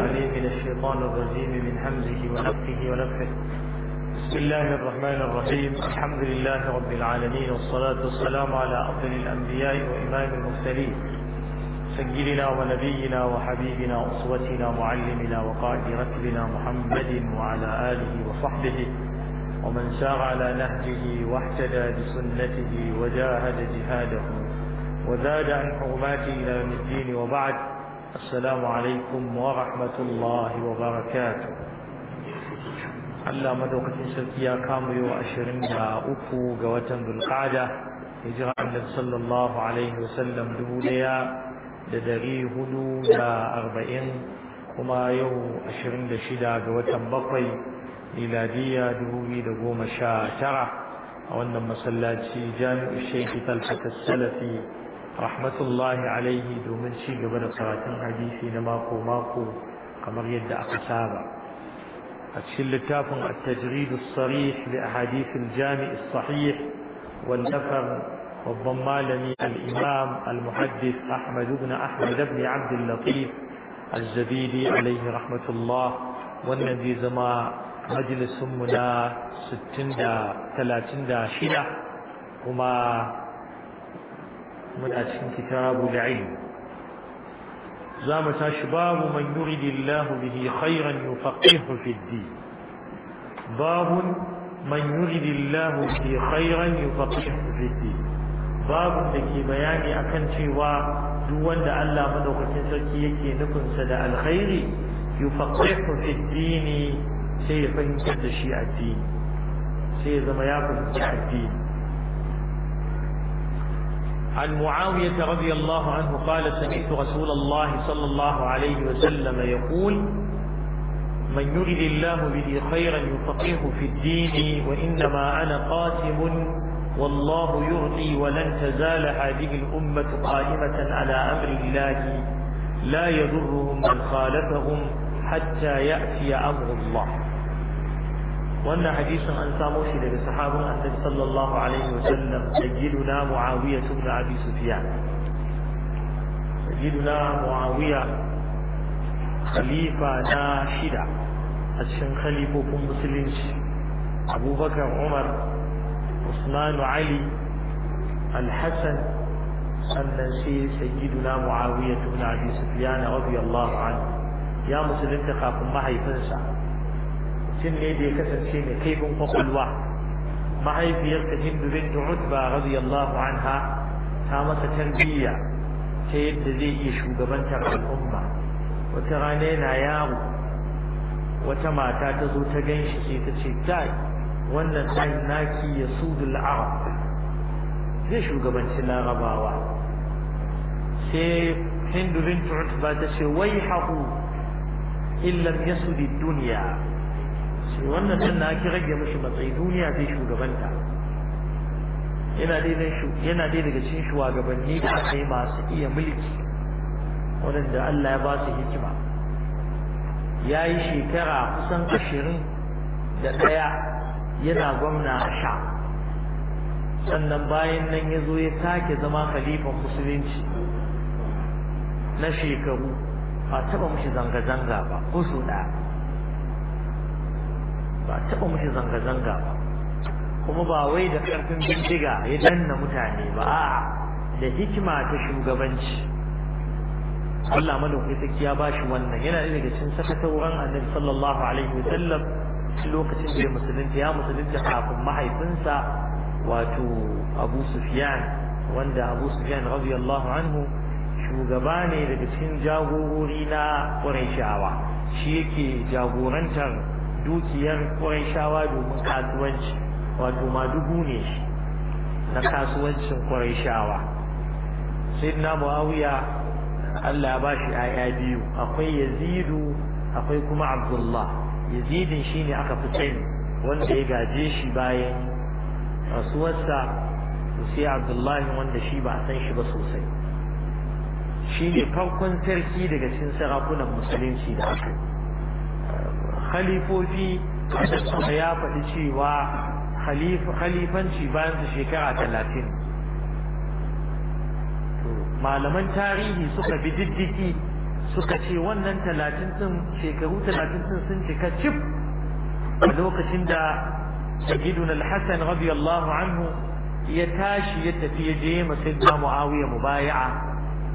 الرحيم من الشيطان الرجيم من همزه ونفخه ونفخه بسم الله الرحمن الرحيم الحمد لله رب العالمين والصلاة والسلام على أفضل الأنبياء وإمام المرسلين سجلنا ونبينا وحبيبنا وأسوتنا معلمنا وقائد ركبنا محمد وعلى آله وصحبه ومن سار على نهجه واهتدى بسنته وجاهد جهاده وزاد عن حرماته إلى يوم الدين وبعد السلام عليكم ورحمة الله وبركاته Allah madaukakin sarki ya kama yau ashirin da uku ga watan Dulqada hijira annabi sallallahu alaihi wasallam dubu daya da dari hudu da arba'in kuma yau ashirin da shida ga watan bakwai miladiya dubu biyu da goma sha tara a wannan masallaci jami'u shekhi talfata salafi rahmatullahi alaihi domin ci gaba da karatun hadisi na mako-mako kamar yadda aka saba a cikin littafin at-tajrid as-sarih li ahadith al-jami' as-sahih wal nafar babban malami al-imam al-muhaddith Ahmad ibn Ahmad ibn Abd al-Latif al-Zabidi alaihi rahmatullah wannan zai zama majalisun mu na 60 36 kuma muna cikin kitabul ilm zama tashi babu man yuridu Allahu bihi khairan yufaqihu fid din babu man yuridu Allahu bihi khairan yufaqihu fid din babu dake bayani akan cewa duk wanda Allah madaukakin sarki yake nufin sa da alkhairi yufaqihu fid din sai ya fahimta da shi addini sai zama ya fahimta addini عن معاوية رضي الله عنه قال سمعت رسول الله صلى الله عليه وسلم يقول من يرد الله به خيرا يفقهه في الدين وإنما أنا قاسم والله يعطي ولن تزال هذه الأمة قائمة على أمر الله لا يضرهم من خالفهم حتى يأتي أمر الله وأن حديث أن ساموش إلى الصحابة أن صلى الله عليه وسلم سيدنا معاوية بن أبي سفيان سيدنا معاوية خليفة ناشدة أشن خليفة مسلم أبو بكر عمر عثمان علي الحسن أن سيدنا معاوية بن أبي سفيان رضي الله عنه يا مسلم تخاف ما هي mutum ne da ya kasance mai kaifin kwakwalwa mahaifiyarta hindu bintu utba radiyallahu anha ta masa tarbiyya ta yadda zai iya shugabantar al'umma wata rana yana yaro wata mata ta zo ta gan shi sai ta ce dai wannan ɗan naki ya sudu arab zai shugabanci larabawa sai hindu bintu utba ta ce wai haku illam yasudi duniya shi wannan nan na ki rage mishi matsayi duniya zai shugabanta yana dai yana dai daga cikin shugabanni da aka yi masu iya mulki waɗanda Allah ya ba su hikima ya yi shekara kusan ashirin da ɗaya yana gwamna sha sannan bayan nan ya zo ya take zama khalifan musulunci na shekaru ba taɓa mushi zanga-zanga ba ko su ɗaya ba taɓa mushi zanga-zanga ba kuma ba wai da ƙarfin bindiga ya danna mutane ba a'a da hikima ta shugabanci Allah madaukakin sarki ya bashi wannan yana daga cikin sakatawar Annabi sallallahu alaihi wa sallam lokacin da ya musulunta ya musulunta kafin mahaifinsa wato Abu Sufyan wanda Abu Sufyan radiyallahu anhu shugaba ne daga cikin jagorori na sha'awa shi yake jagorantar dukiyar shawa domin kasuwanci wato ma dubu ne shi na kasuwancin shawa sai na muawiya Allah ba shi aya biyu akwai yazidu akwai kuma abdullah yazidin ne aka fi sani wanda ya gaje shi bayan rasuwarsa sai abdullahi wanda shi ba a san shi ba sosai shi ne farkon sarki daga cikin sarakunan musulunci da aka yi khalifofi a ya faɗi cewa khalifanci bayan su shekara talatin malaman tarihi suka bi diddiki suka ce wannan talatin ɗin shekaru talatin ɗin sun cika cif a lokacin da sayyiduna al-hasan radiyallahu anhu ya tashi ya tafi ya je masajda muawiya mubaya'a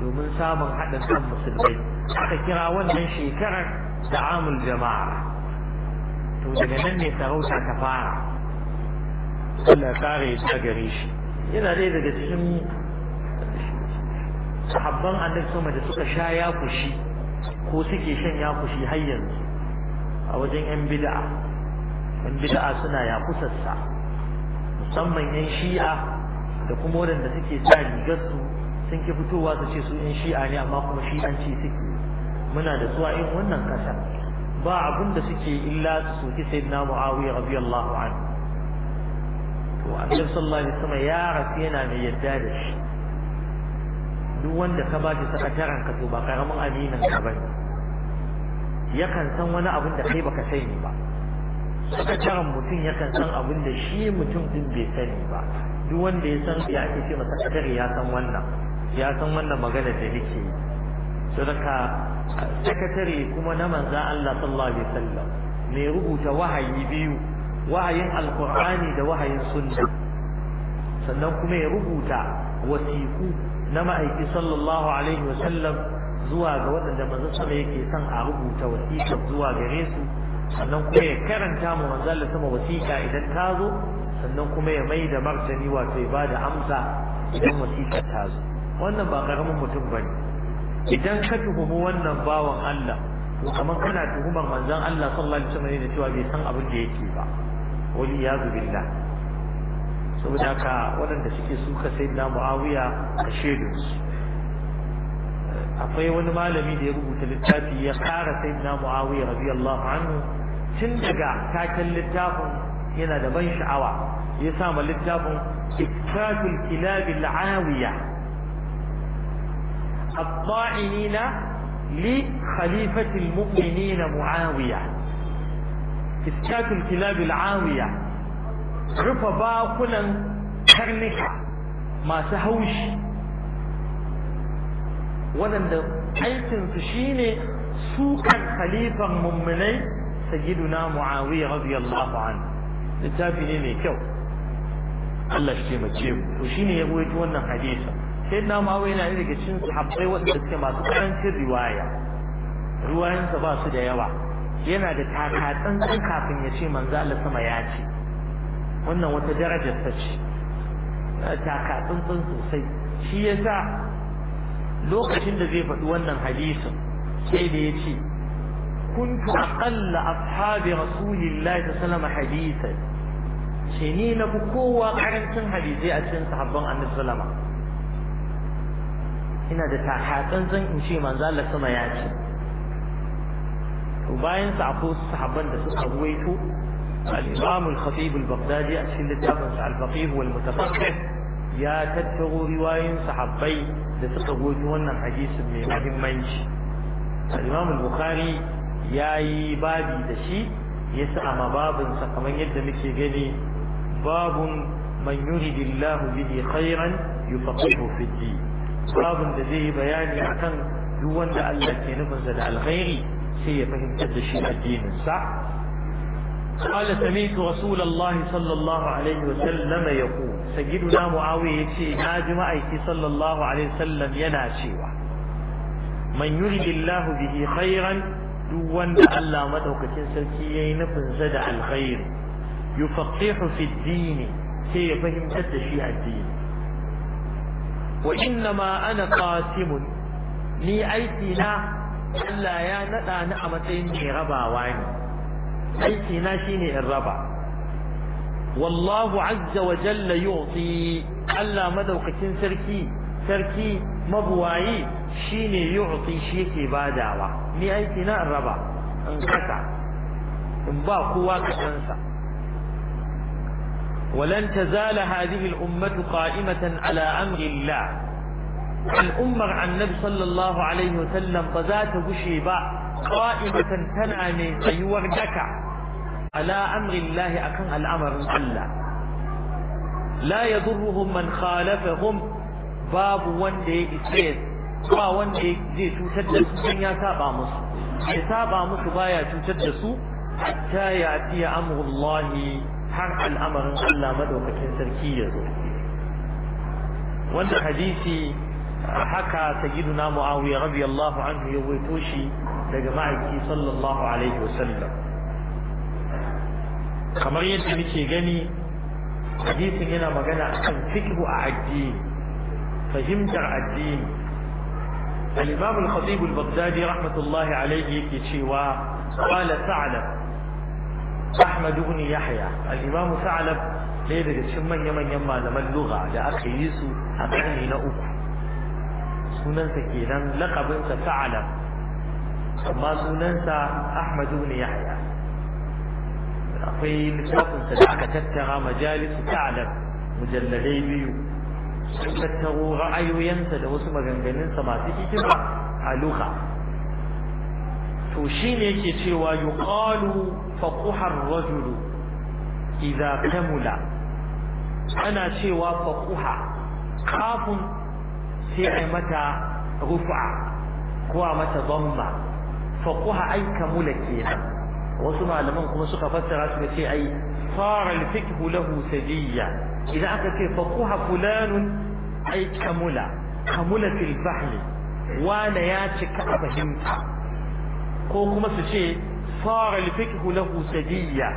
domin samun haɗin kan musulmai aka kira wannan shekarar da amul jama'a to daga nan ne sarauta ta fara Allah kare ya gare shi yana dai daga cikin sahabban annabi sama da suka sha ya ko suke shan ya kushi har yanzu a wajen yan bid'a yan bid'a suna ya kusassa musamman yan shi'a da kuma waɗanda suke sa rigarsu sun ki fitowa su ce su yan shi'a ne amma kuma shi'anci suke muna da su a wannan ƙasar ba abun da suke illa su soki sayyidina muawiya radiyallahu anhu to annabi sallallahu alaihi wasallam ya rasu yana mai yadda da shi duk wanda ka ba shi sakataren ka to ba karamin aminin ka bane yakan san wani abun da kai baka sani ba sakataren mutum yakan san abun da shi mutum din bai sani ba duk wanda ya san ya ake ce masa sakatare ya san wannan ya san wannan magana da yake yi sadaka sakatare kuma na manzan Allah sallallahu alaihi wasallam mai rubuta wahayi biyu wahayin Alkur'ani da wahayin sunna sannan kuma ya rubuta wasiku na ma'aiki sallallahu alaihi wasallam zuwa ga waɗanda manzon sama yake son a rubuta wasiƙar zuwa gare su sannan kuma ya karanta mu manzon Allah sama wasiƙa idan ta zo sannan kuma ya mai da martani wato ya ba da amsa idan wasiƙar ta zo wannan ba ƙaramin mutum ba ne. idan ka tuhumi wannan bawan Allah to kamar kana tuhuman manzon Allah sallallahu alaihi wasallam ne cewa bai san abin da yake ba Wani ya billah saboda haka waɗanda suke suka sai na Muawiya a shedin akwai wani malami da ya rubuta littafi ya kara sai na Muawiya radiyallahu anhu tun daga taken littafin yana da ban sha'awa ya sa ma littafin ikratul kilabil awiya الطاعنين لخليفة المؤمنين معاوية إسكات الكلاب العاوية رفا باقنا كرنكا ما سهوش ولن دقيت انتشيني سوكا خليفة مؤمنين سيدنا معاوية رضي الله عنه نتابع كو الله شتيمة جيب وشيني يقول يتوانا حديثا Sai sayyidina muawiya yana daga cikin sahabbai waɗanda suke masu karancin riwaya ruwayansa ba su da yawa yana da taka tsantsan kafin ya ce manzo Allah sama ya ce wannan wata darajar ta ce taka tsantsan sosai shi yasa lokacin da zai faɗi wannan hadisin sai da ya ce kuntu aqalla ashabi rasulillahi sallallahu alaihi wasallam hadisan shi ni na fi kowa karancin hadisai a cikin sahabban annabi sallallahu ina da takatsantsan in ce manzo Allah sama ya ce to bayan sa sahabban da suka ruwaito al-Imam al-Khatib al-Baghdadi a cikin littafin sa al-Faqih wal Mutafaqih ya tattaro riwayoyin sahabbai da suka goji wannan hadisi mai muhimmanci al-Imam al-Bukhari yayi babi da shi ya amma babin sa kamar yadda muke gani babun man yuridu bihi khairan yufaqihu fi din babin da zai bayani akan duk wanda Allah ke nufinsa da alkhairi sai ya fahimtar da shi قال سمعت رسول الله صلى الله عليه وسلم يقول سيدنا معاوية في ناجم أيتي صلى الله عليه وسلم يناشيوا من يريد الله به خيرا دون ألا مدعوك تنسلكي نفن زدع الخير يفقح في الدين فهم تدشي الدين wa inna ma ana qasimun ni aiki na Allah ya nada ni a matsayin mai rabawa ne aiki na shine in raba wallahu azza wa jalla yu'ti Allah madaukakin sarki sarki mabuwayi shine yu'ti shi yake badawa ni aiki na in raba in kasa in ba kowa kasansa ولن تزال هذه الأمة قائمة على أمر الله الأمة النبي صلى الله عليه وسلم بذات بشيبة قائمة تنامي أيوة دكا على أمر الله أكن الأمر الله لا يضرهم من خالفهم باب وان دي إسيس با وان دي زي تتدسو من يتابع مصر يتابع مصر بايا تتدسو حتى يأتي أمر الله har al'amarin Allah madaukakin sarki ya zo wanda hadisi haka sayyiduna muawiya radiyallahu anhu ya wato shi daga ma'aiki sallallahu alaihi wasallam kamar yadda muke gani hadisin yana magana akan fikhu a addini fahimtar addini al-imam al-khatib al-baghdadi rahmatullahi alaihi yake cewa Ahmad ibn Yahya al-Imam Sa'lab ɗaya daga cikin manya-manyan malaman lugha da aka yi su a ƙarni na uku sunansa kenan laƙabinsa Sa'lab amma sunansa Ahmad ibn Yahya akwai littafinsa da aka tattara majalisu Sa'lab mujalladai biyu sun tattaro ra'ayoyinsa da wasu maganganunsa masu hikima a lugha to shine yake cewa yuqalu faquha ar-rajulu idza kamula ana cewa faquha kafun sai ai mata rufa ko a mata dhamma faquha ai kamula kenan wasu malaman kuma suka fassara suka ce ai صار الفقه له سجيا إذا أكت فقه فلان kamula كمل كمل في الفهم وانا ياتك fahimta. ko kuma su ce fara alfiqhu lahu sadiyya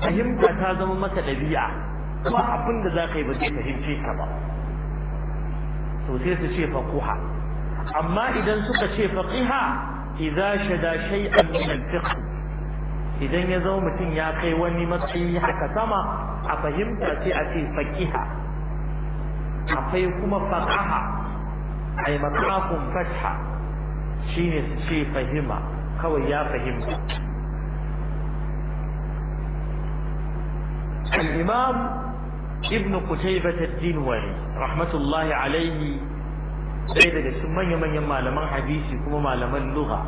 fahimta ta zama maka dabi'a ba abin da zaka yi ba zai fahimce ka ba to sai su ce faquha amma idan suka ce faqiha idza shada shay'an min alfiqh idan ya zama mutum ya kai wani matsayi haka sama a fahimta sai a ce faqiha akwai kuma faqaha ay makafun fatha shine su ce fahima kawai ya fahimta الإمام ابن kutaiba ta رحمة rahmatullahi alaihi ɗaya daga cikin manya-manyan malaman hadisi kuma malaman lugha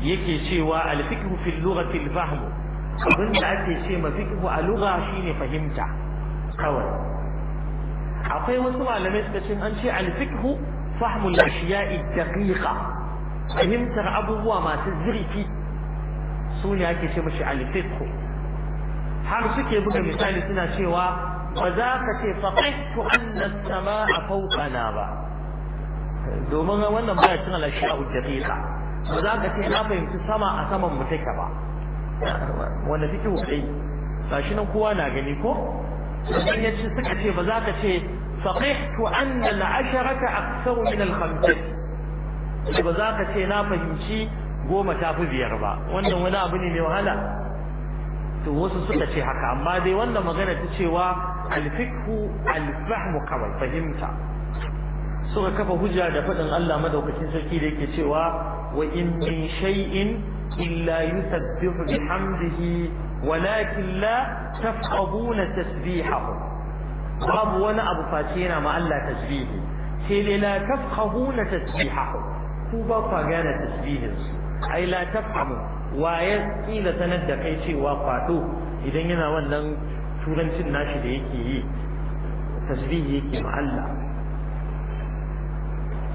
yake cewa alfiqhu fil lughati al fahm abin ake ce ma a lura shine fahimta kawai akwai wasu malamai suka an ce alfiqhu fahmul ashiya'i daƙiƙa. fahimtar abubuwa masu zurfi su ne ake ce mashi alfiqhu har suke buga misali suna cewa ba za ka ce faqihtu anna a samaa na ba domin wannan baya lashe a ashyau daqiqa ba za ka ce na fahimci sama a saman mu take ba wanda hukai Ba shi nan kowa na gani ko idan ya ce suka ce ba za ka ce faqihtu annan al a sau min al sai ba za ka ce na fahimci goma ta fi biyar ba wannan wani abu ne mai wahala to wasu suka ce haka amma dai wannan magana ta cewa alfikhu alfahmu kawai fahimta suka kafa hujja da faɗin Allah madaukakin sarki da yake cewa wa in min shay'in illa yusabbihu bihamdihi walakin la tafqahuna tasbihahu babu wani abu face yana ma Allah tasbihi sai dai la tafqahuna tasbihahu ku ba kwa gane tasbihinsu ai la tafhamu wa ya kila sanar da kai cewa kwado idan yana wannan turancin nashi da yake yi tasbihi yake ma Allah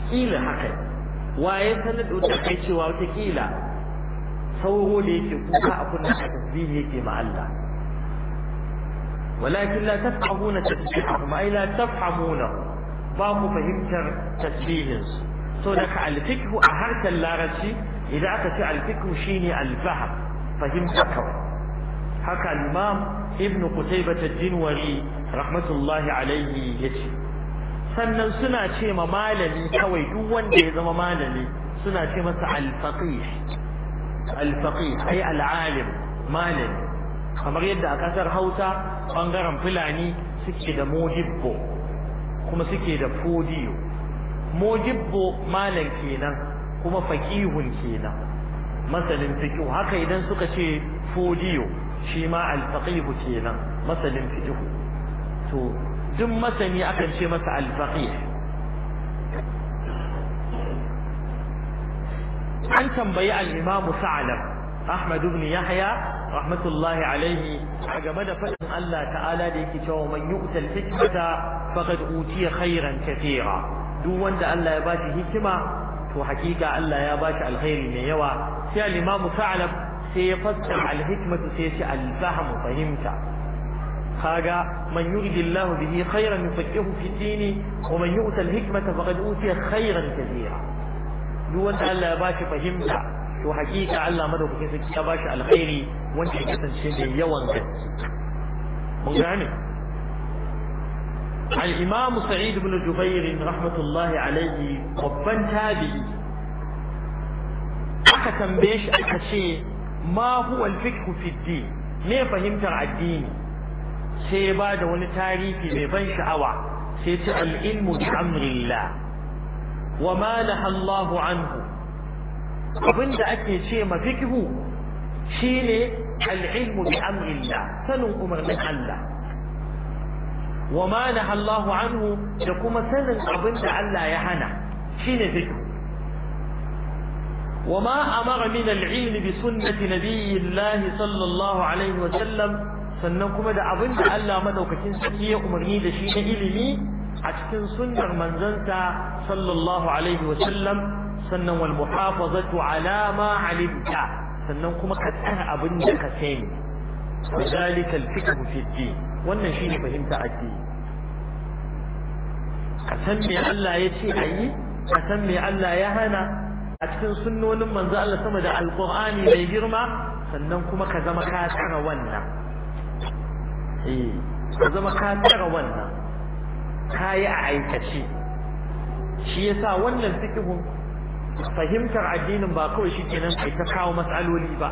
kila haka wa ya sanar da kai cewa wata kila sauro da yake kuka a kunna tasbihi yake ma Allah ولكن لا تفقهون تسبيحهم أي لا تفهمونه باكو فهمتر تسبيحهم so daga alfikhu a harshen larabci idan aka ce alfikhu shine alfaham fahimta kawai haka imam ibnu qutaybah ad-dinwari rahmatullahi alaihi yace sannan suna ce ma malami kawai duk wanda ya zama malami suna ce masa al-faqih al ai malami kamar yadda a kasar Hausa bangaren Fulani suke da muhibbo kuma suke da fodiyo mojibbo malam kenan kuma faqihun kenan masalin fiqh haka idan suka ce fudiyo shi ma al-faqih kenan masalin fiqh to duk masani akan ce masa al-faqih an tambayi al-imam Sa'lam Ahmad ibn Yahya rahmatullahi alaihi a game da faɗin Allah ta'ala da yake cewa man yu'tal hikmata faqad utiya khairan kathira duk wanda Allah ya bashi hikima to hakika Allah ya bashi alkhairi mai yawa sai al-imamu Sa'lab sai ya fassara al-hikmatu sai ya ce al-fahm fahimta kaga man yuridillahu bihi khairan yufaqihu fi dini wa man yu'ta al-hikmata faqad utiya khairan kathira duk wanda Allah ya bashi fahimta to hakika Allah madaukakin sarki ya bashi alkhairi wanda ya kasance da yawan gaske mun gane al-imam sa'id ibn jubair rahmatullahi alayhi babban tabi'i aka tambaye shi aka ce ma huwa al fahimtar addini sai ba da wani tarihi mai ban sha'awa sai ce al-ilmu bi amrillah wa ma laha Allahu anhu abinda ake ce ma fiqhu shine al-ilmu bi amrillah sanin umarnin Allah wama ma naha Allah anhu da kuma sanin abinda Allah ya hana shine fiqh wa ma amara min al-ilm bi sunnati nabiyillahi sallallahu alaihi wa sallam sannan kuma da abinda Allah madaukakin sarki ya umarni da shi na ilimi a cikin sunnar manzanta sallallahu alaihi wa sallam sannan wal muhafazatu ala sannan kuma ka وذلك الفقه في الدين wannan shine fahimta addini a san me Allah ya ce a yi a san me Allah ya hana a cikin sunnonin manzo Allah sama da alqur'ani mai girma sannan kuma ka zama ka tsara wannan eh ka zama ka tsara wannan ka yi a aikace shi yasa wannan fikihun fahimtar addinin ba kawai shi kenan kai ta kawo matsaloli ba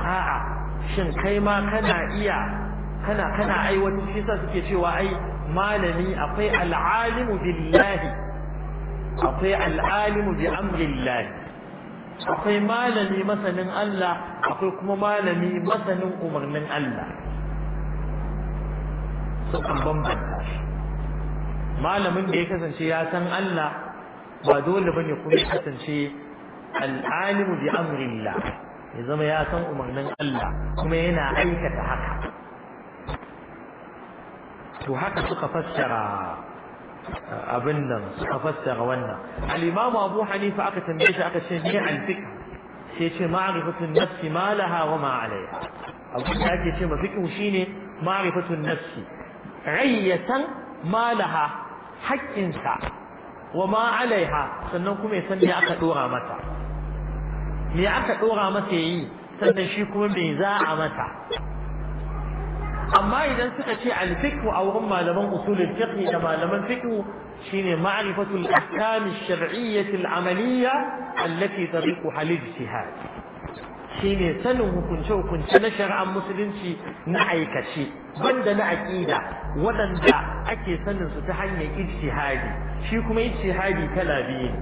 a'a shin kai ma kana iya kana kana aiwatar shi sa suke cewa ai malami akwai al'alimu billahi akwai al'alimu bi amrillah akwai malami masanin Allah akwai kuma malami masanin umarnin Allah su kan bambanta malamin da ya kasance ya san Allah ba dole bane kuma ya kasance al'alimu bi amrillah ya zama ya san umarnin Allah kuma yana aikata haka to haka suka fassara eh, abin nan suka fassara wannan al-imamu Abu Hanifa aka tambaye shi aka ce me al-fiqh sai ce ma'rifatun nafsi ma laha wa ma alaiha abu da ake ce mafiqh shine ma'rifatun nafsi rai ya san ma laha haƙƙinsa wa ma alaiha sannan kuma ya san me aka dora mata me aka dora masa yayi sannan shi kuma me za a masa amma idan suka ce al-fiqh a wurin malaman usulul fiqh da malaman fiqh shine ma'rifatul ahkam ash-shar'iyyah al-amaliyyah allati tariqu hal ijtihad shine sanin hukunce hukunce na shari'ar musulunci na aikace banda na aqida waɗanda ake sanin su ta hanyar ijtihadi shi kuma ijtihadi kala biyu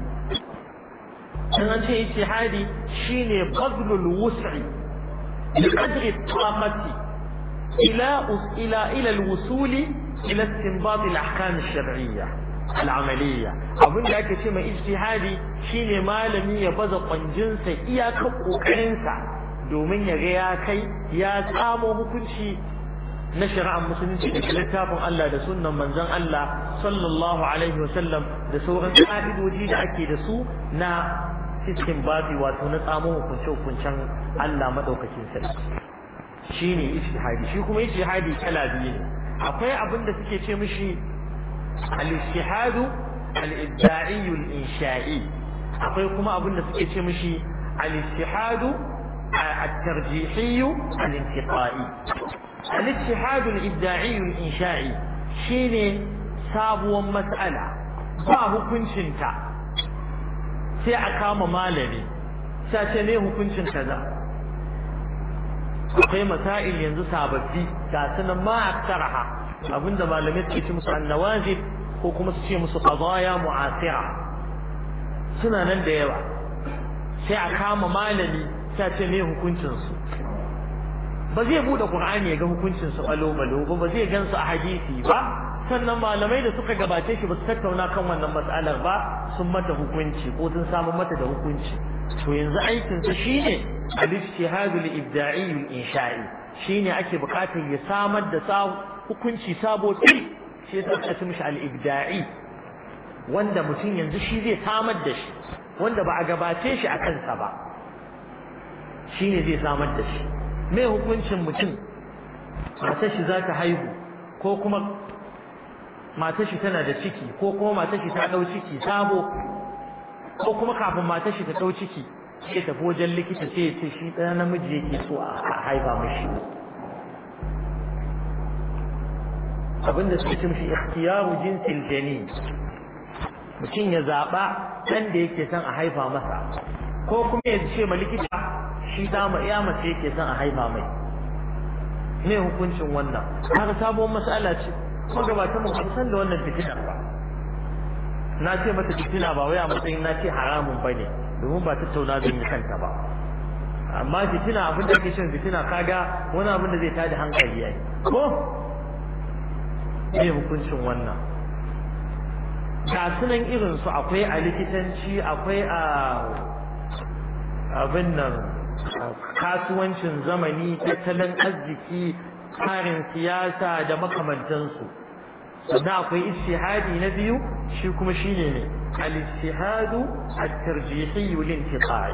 in an ce ijtihadi shine bazlul wus'i bi qadri taqati ila ila ila wusuli ila istinbat al-ahkam al abin da ake ce mai ijtihadi shine malami ya baza kwanjinsa iyakar kokarinsa domin ya ga ya kai ya tsamo hukunci na shari'ar musulunci da littafin Allah da sunnan manzon Allah sallallahu alaihi wasallam da sauran ka'idoji da ake da su na cikin babi wato na tsamo hukunce-hukuncen Allah madaukakin sarki shine ijtihadi shi kuma ijtihadi kala biyu ne akwai abin da suke ce mishi al-ijtihadu al-ibda'i al-insha'i akwai kuma abin da suke ce mishi al-ijtihadu الترجيحي الانتقائي الاجتهاد الابداعي الانشائي shine sabuwar mas'ala ba hukuncinta sai a kama malami sai ce ne hukuncin kaza akwai masail yanzu sababbi ga sanan ma aktaraha abinda malamai suke ce musu annawazib ko kuma su ce musu qadaya mu'asira suna nan da yawa sai a kama malami sai ce ne hukuncin su ba zai bude qur'ani ya ga hukuncin su alo malo ba ba zai gansu a hadisi ba sannan malamai da suka gabace shi ba su tattauna kan wannan matsalar ba sun mata hukunci ko sun samu mata da hukunci to yanzu aikin sa shine al-ijtihad al-ibda'i al-insha'i shine ake bukatar ya samar da hukunci sabo shi yasa aka mishi al-ibda'i wanda mutum yanzu shi zai samar da shi wanda ba a gabace shi a kansa ba shine zai samar da shi me hukuncin mutum matashi shi za ta haihu ko kuma matashi shi tana da ciki ko kuma matashi shi ta ɗau ciki sabo ko kuma kafin matashi shi ta ɗau ciki sai tafi wajen likita sai ya ce shi ɗan namiji yake so a haifa mashi abinda suke cin shi ikhtiyaru jinsil janin mutum ya zaɓa ɗan da yake son a haifa masa ko kuma ya ce ma likita shi mu iya mace yake son a haifa mai me hukuncin wannan haka sabon mas'ala ce kuma gabatan mu san da wannan fitina ba na ce mata fitina ba wai a matsayin na ce haramun ba ne, domin ba tattauna zan yi kanta ba amma fitina abin da ke shan fitina kaga wani abin da zai tada hankali ya yi, ko me hukuncin wannan ga sunan irinsu akwai a likitanci akwai a abin nan kasuwancin zamani tattalin arziki tsarin siyasa da makamantansu sannan akwai istihadi na biyu shi kuma shi ne al-istihadu at-tarjihi lil-intiqai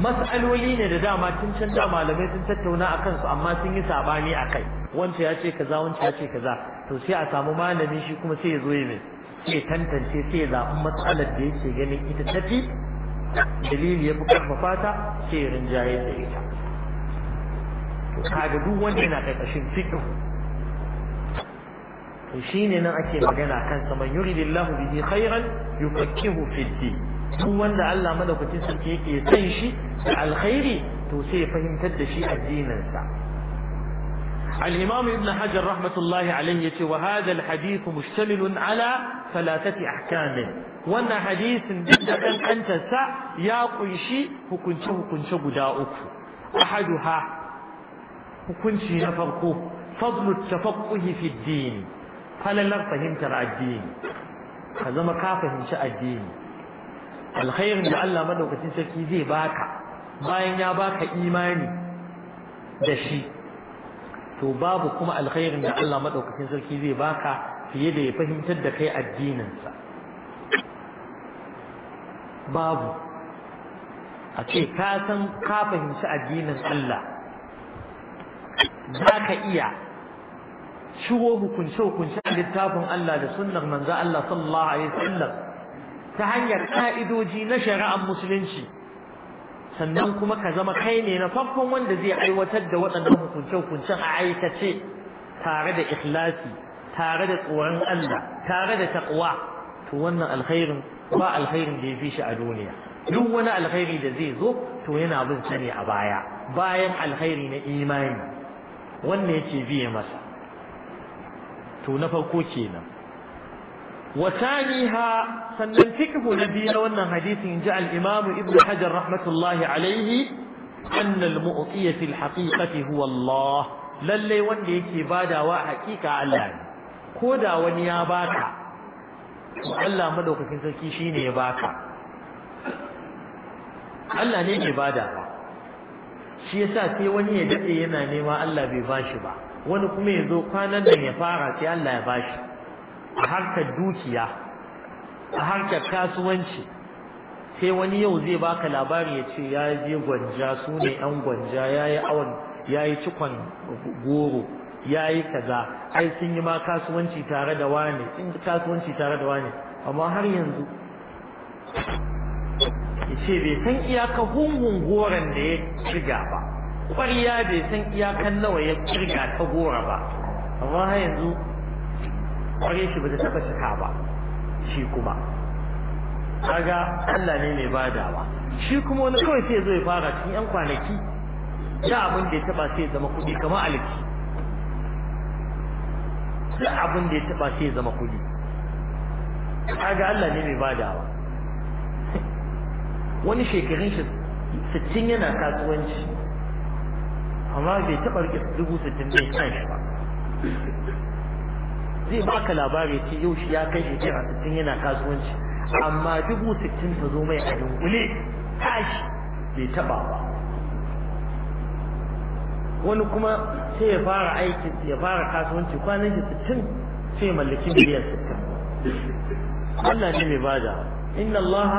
mas'aloli ne da dama tun can da malamai sun tattauna akan su amma sun yi sabani akai wancan ya ce kaza wancan ya ce kaza to sai a samu malami shi kuma sai ya zo ya mai sai tantance sai ya zaɓi matsalar da yake ganin ita tafi dalili ya fi karfafa ta sai rinjaye da ita to kaga duk wanda yana karkashin fiqh to shine nan ake magana kan saman yuridillahu bihi khairan yufaqihu fid din duk wanda Allah madaukakin sarki yake san shi da alkhairi to sai fahimtar da shi addinin sa الإمام ابن حجر رحمة الله عليه وهذا الحديث مشتمل على ثلاثة أحكام wannan hadisin duk da kankantarsa ya ƙunshi hukunce-hukunce guda uku ahaduha hukunci na farko fadlu tafaqquhi fi din falalar fahimtar addini ka zama ka fahimci addini alkhairin da Allah madaukakin sarki zai baka bayan ya baka imani da shi to babu kuma alkhairin da Allah madaukakin sarki zai baka fiye da ya fahimtar da kai addininsa babu a ce ka san ka fahimci addinin Allah za ka iya shigo hukunce hukunce a littafin Allah da sunnar manzo Allah sallallahu alaihi wasallam ta hanyar ka'idoji na shari'ar musulunci sannan kuma ka zama kai ne na farkon wanda zai aiwatar da waɗannan hukunce hukunce a aikace tare da ikhlasi tare da tsoron Allah tare da taqwa to wannan alkhairin ba alkhairin da ya fi shi a duniya duk wani alkhairi da zai zo to yana bin sa a baya bayan alkhairi na imani wannan yake biye masa to na farko kenan wa taniha sannan fikhu na biyu na wannan hadisin inji al-imam ibn hajar rahmatullahi alaihi annal al-mu'tiya fil haqiqati huwa Allah lalle wanda yake badawa hakika Allah ne ko da wani ya baka Allah madaukakin sarki shine ya baka Allah ne ke bada ba shi yasa sai wani ya dade yana nema Allah bai bashi ba wani kuma ya zo kwanan nan ya fara sai Allah ya bashi a harkar dukiya a harkar kasuwanci sai wani yau zai baka labari ya ce ya je gwanja su ne yan gwanja ya yi awon ya yi cikon goro yayi kaza ai sun yi ma kasuwanci tare da wane sun yi kasuwanci tare da wane amma har yanzu ce bai san iyaka hungun goran da ya kirga ba ƙwarya bai san iyakan nawa ya kirga ta gora ba amma har yanzu ƙwarya shi ba ta taɓa cika ba shi kuma kaga Allah ne mai badawa shi kuma wani kawai sai zai fara cikin yan kwanaki da abin da ya taba sai zama kuɗi kamar alki duk abin da ya taba shi ya zama kudi kaga Allah ne mai badawa wani shekarun shi sittin yana kasuwanci amma bai taba rike dubu sittin bai san shi ba zai ba ka labari ce yau shi ya kai shekara sittin yana kasuwanci amma dubu sittin ta zo mai a dunkule tashi bai taba ba wani kuma sai ya fara aikin ya fara kasuwanci kwanan shi sittin sai mallaki miliyan sittin Allah ne mai bada inna Allah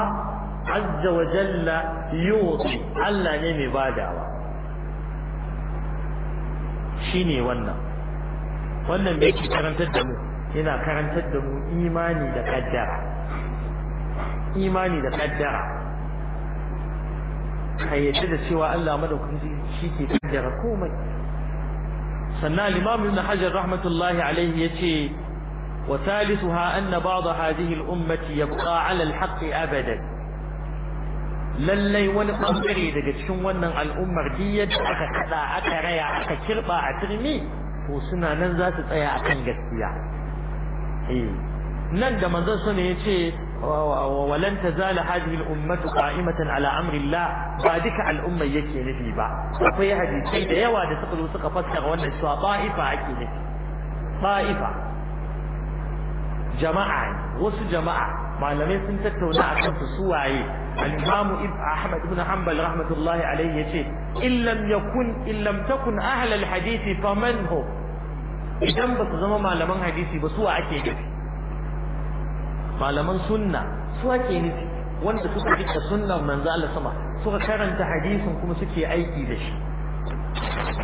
azza wa jalla yuti Allah ne mai badawa shine wannan wannan da yake karantar da mu yana karantar da mu imani da kaddara imani da kaddara kayyade da cewa Allah madaukakin shi ke komai sannan al-imam ibn hajar rahmatullahi alaihi yace wa thalithuha anna ba'd hadhihi al-ummati yabqa 'ala al-haqq abadan lallai wani bangare daga cikin wannan al'ummar diyar da aka kada aka raya aka kirba a turmi to suna nan za su tsaya akan gaskiya eh nan da manzon sune yace ولن تزال هذه الأمة قائمة على أمر الله بعدك على الأمة يكي نفي با أقوي حديثي دا يوا دا سقل وسقى فتح وانا سوا طائفة أكي نفي طائفة جماعة وسو جماعة ما لم يسن تتونا أكثر سواعي الإمام أحمد بن حنبل رحمة الله عليه يشي إن لم يكن إن لم تكن أهل الحديث فمن هو إذا بس زمان ما لمن حديثي بسوا أكي نفي malaman sunna su ake nufi wanda suka rike sunnar manzo Allah sama suka karanta hadisin kuma suke aiki da shi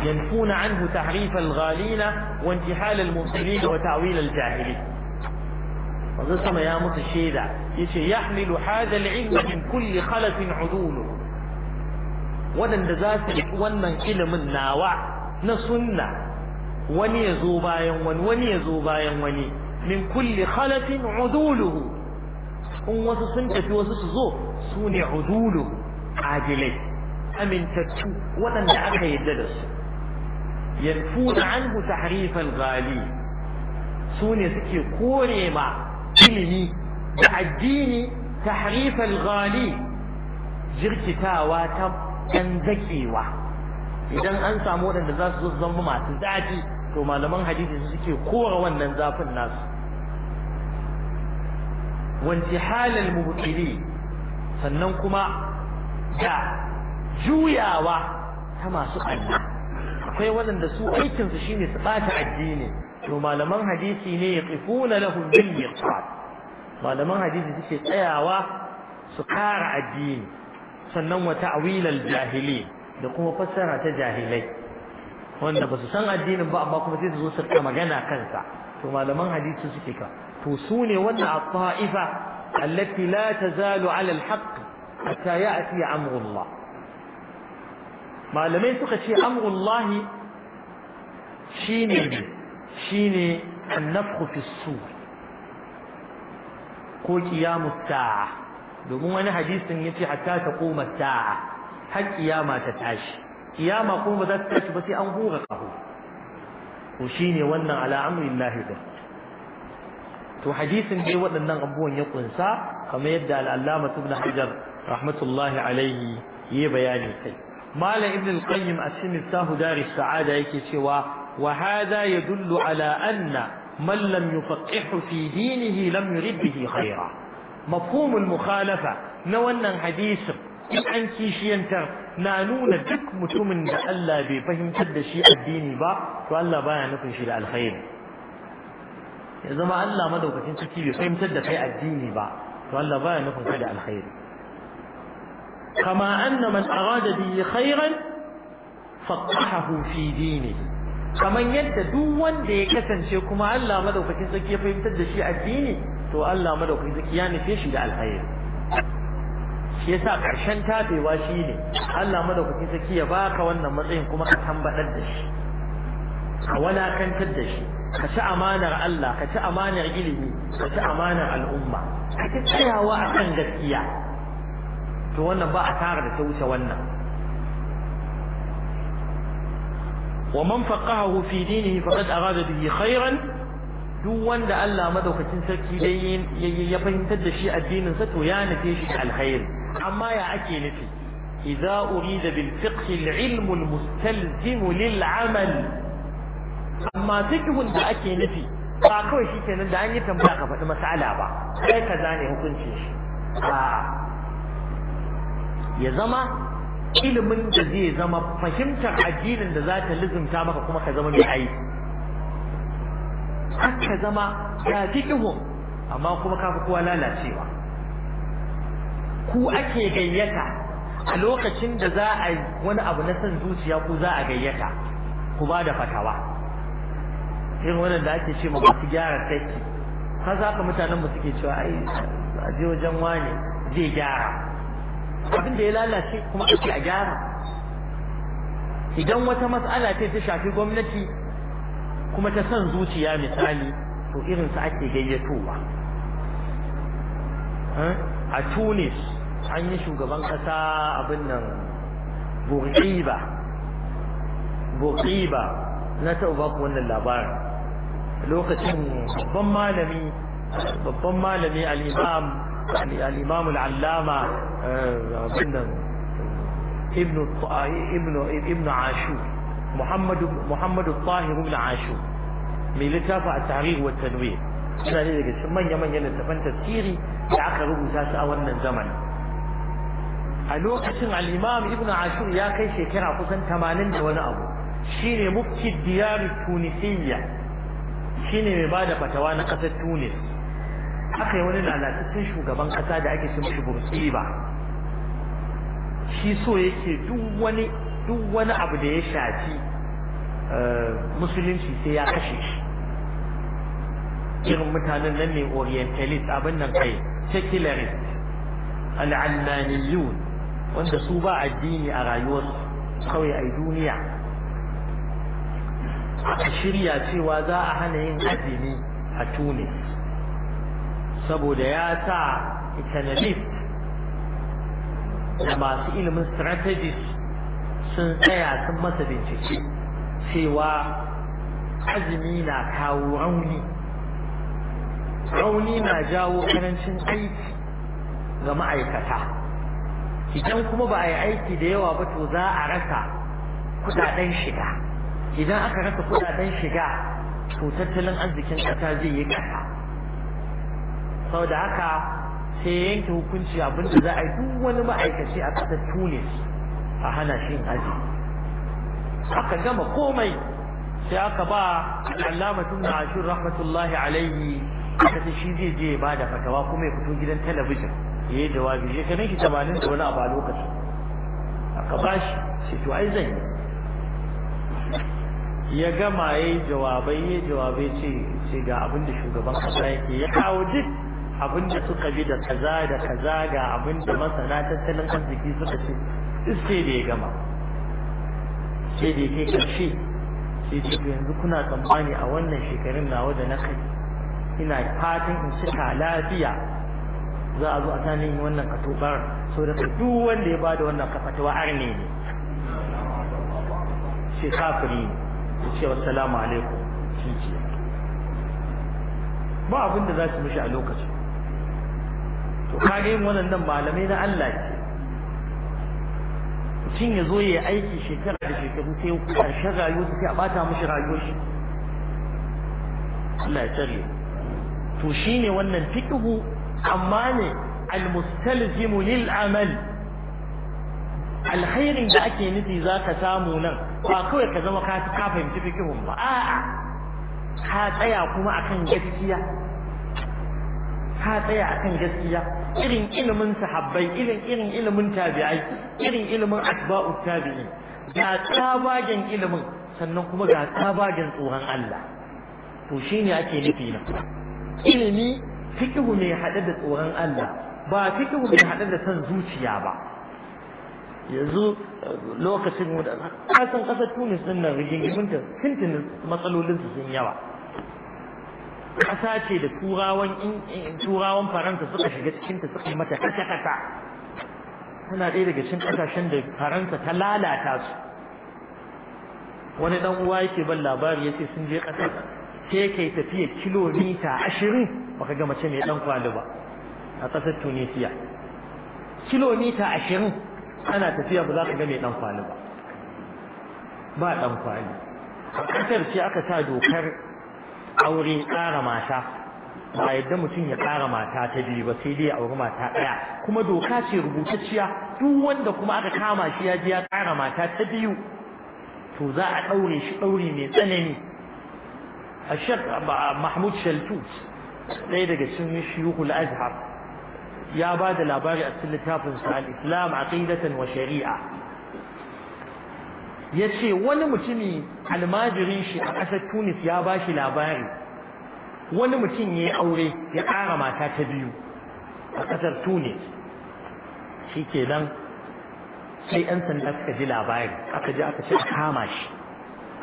ينفون عنه تحريف الغالين وانتحال المبطلين وتعويل الجاهلين وزسم يا متشيدة يحمل هذا العلم من كل خلف عدوله ودن دزات ونن إلم الناوع نسنة وني زوبايا ون وني زوبايا وني min kulli khalatin uduluhu in wasu sun tafi wasu su zo su ne uduluhu adilai amintattu waɗanda aka yadda da su yanfuna anhu tahrifal gali su ne suke kore ma ilimi da addini tahrifal gali, jirkitawa ta ɗan zakewa idan an samu waɗanda za su zama masu zafi to malaman hadisi suke kora wannan zafin nasu وانتحال المبطلين sannan kuma da juyawa ta masu ƙanna akwai waɗanda su aikinsu shine su bata addini to malaman hadisi ne ya tsifuna lahum bil miqat malaman hadisi suke tsayawa su kara addini sannan wata awilar jahili da kuma fassara ta jahilai wanda ba su san addinin ba amma kuma sai su zo su magana kansa to malaman hadisi suke ka فسون ونع الطائفة التي لا تزال على الحق حتى يأتي أمر الله ما لم يتقل شيء أمر الله شيني شيني النفخ في السور قل قيام الساعة دمو أنا حديث يتي حتى تقوم الساعة حتى قيامة تتعش قيامة قوم ذات تتعش بس أنبوغ قهو وشيني ونع على أمر الله ذلك to hadisin dai waɗannan abubuwan ya ƙunsa kamar yadda al'allama ibn hajar rahmatullahi alaihi ya bayani kai malam ibn al-qayyim a cikin miftahu daris sa'ada yake cewa wa hada yadullu ala anna من لم يفقهه في دينه لم يرد به خيرا na wannan نوانا in an kishiyantar na nuna duk mutumin da Allah bai fahimtar da shi addini ba to Allah baya nufin shi da alkhairi ya zama Allah madaukakin ciki bai fahimtar da kai addini ba to Allah baya nufin ka da alkhairi kama anna man arada bi khairan faqahahu fi dini kaman yadda duk wanda ya kasance kuma Allah madaukakin ciki ya fahimtar da shi addini to Allah madaukakin ciki ya nufe shi da alkhairi shi yasa karshen tafewa shine Allah madaukakin ciki ya baka wannan matsayin kuma ka tambaɗar da shi ka walakantar da shi ka ci amanar Allah ka ci amanar ilimi ka ci amanar al'umma ka ci tsayawa a kan gaskiya to wannan ba a tara da ta wuce wannan wa man faqahu fi dinihi faqad arada bihi khairan duk wanda Allah madaukakin sarki dai ya fahimtar da shi addinin sa to ya nufe shi da alkhairi amma ya ake nufi idza urida bil fiqh al ilm al mustalzim lil amal amma fiqhun da ake nufi ba kawai shi kenan da an yi tambaya ka faɗi mas'ala ba kai ka zane hukuncin shi ya zama ilimin da zai zama fahimtar addinin da za ta lizumta maka kuma ka zama mai aiki haka zama ya fi amma kuma kafi kowa lalacewa ku ake gayyata a lokacin da za a wani abu na san zuciya ku za a gayyata ku ba da fatawa irin wannan da ake ce ma masu gyara taki ka za ka mutanen mu suke cewa ai a je wajen wane zai gyara abin da ya lalace kuma ake a gyara idan wata matsala ce ta shafi gwamnati kuma ta son zuciya misali to irin su ake gayyatowa eh, a Tunis an yi shugaban kasa abin nan Bourguiba Bourguiba na taɓa baku wannan labarin lokacin babban malami babban malami al-imam al-imam al eh, ibnu ashu ashu mai littafa a tarihi wa tanwir suna ne daga cikin manya-manyan littafan tafsiri da aka rubuta su a wannan zaman a lokacin al'imam ibnu ashur ya kai shekara kusan 80 da wani abu shine mufti diyar tunisiyya shine mai bada fatawa na kasar Tunis aka yi wani lalatattun shugaban kasa da ake cin shi Burtsiba shi so yake duk wani duk wani abu da ya shafi eh, musulunci sai ya kashe shi irin mutanen nan ne orientalist abin nan kai secularist al'annaniyun wanda su ba addini a rayuwarsu kawai a duniya aka shirya cewa za a hana yin azumi a tunis saboda ya sa economist da masu ilimin strategist sun tsaya sun masa bincike cewa azumi na kawo rauni rauni na jawo karancin aiki ga ma'aikata idan kuma ba a yi aiki da yawa ba to za a rasa kudaden shiga idan aka rasa kudaden shiga to tattalin arzikin ƙasa zai yi ƙasa sau da haka sai yanke hukunci abinda za a yi duk wani ma'aikaci a ƙasar tunis a hana shi yin aji aka gama komai sai aka ba alamatun na ashir rahmatullahi alaihi aka ta shi zai je ba da fatawa kuma ya fito gidan talabijin ya yi jawabi shekarun shi tamanin da wani abu a lokacin aka ba shi sai to ai zan yi ya gama ya yi jawabai ya jawabai ce ce ga abin da shugaban kasa yake ya kawo duk abin da suka bi da kaza da kaza ga abin da masana tattalin arziki suka ce sai da ya gama sai da ya kai karshe sai ce yanzu kuna tsammani a wannan shekarun nawa da na kai ina fatan in cika lafiya za a zo a yi wannan katobar so da duk wanda ya bada wannan kafatawa arne ne shi kafiri ne ya ce salamu alaikum shi ce ba abinda za su mishi a lokacin to kage yin waɗannan malamai na Allah ke. mutum ya zo ya aiki shekara da shekaru sai ƙarshen rayuwa sai a bata mishi rayuwar shi Allah ya tsare to shi ne wannan fiqhu amma ne al-mustalzimu lil amal alkhairin da ake nufi zaka samu nan ba kawai ka zama ka tafi fahimci fikihun ba a'a ka tsaya kuma akan gaskiya ka tsaya akan gaskiya irin ilimin sahabbai irin irin ilimin tabi'ai irin ilimin asba'u tabi'i ga tsabagen ilimin sannan kuma ga tsabagen tsoron Allah to shine ake nufi na ilimi fikihu mai haɗe da tsoron Allah ba fikihu mai haɗe da son zuciya ba yanzu eh, lokacin mu da kasan kasar tunis din nan rigingimin ta tuntun matsalolin su sun yawa kasa ce da turawan turawan faransa suka shiga cikin ta suka mata kasa kasa tana ɗaya daga cikin kasashen da faransa ta lalata su wani dan uwa yake ban labari yace sun je kasar ke kai tafiya kilomita ashirin baka ga mace mai dan kwalu ba a kasar tunisiya kilomita ashirin ana tafiya ba za ka ga mai dan kwali ba ba dan kwali a ƙasar ce aka sa dokar aure ƙara mata ba yadda mutum ya ƙara mata ta biyu ba sai dai ya auri mata ɗaya kuma doka ce rubutacciya duk wanda kuma aka kama shi ya ji ya ƙara mata ta biyu to za a ɗaure shi ɗaure mai tsanani a shek mahmud shaltut ɗaya daga cikin shiyuhul azhar ya ba da labari a cikin littafin sa al'islam a aqidatan wa Ya ce wani mutumi almajirin shi a ƙasar tunis ya ba shi labari wani mutum ya yi aure ya ƙara mata ta biyu a ƙasar tunis shi ke nan sai 'yan sanda suka ji labari aka ji aka ce kama shi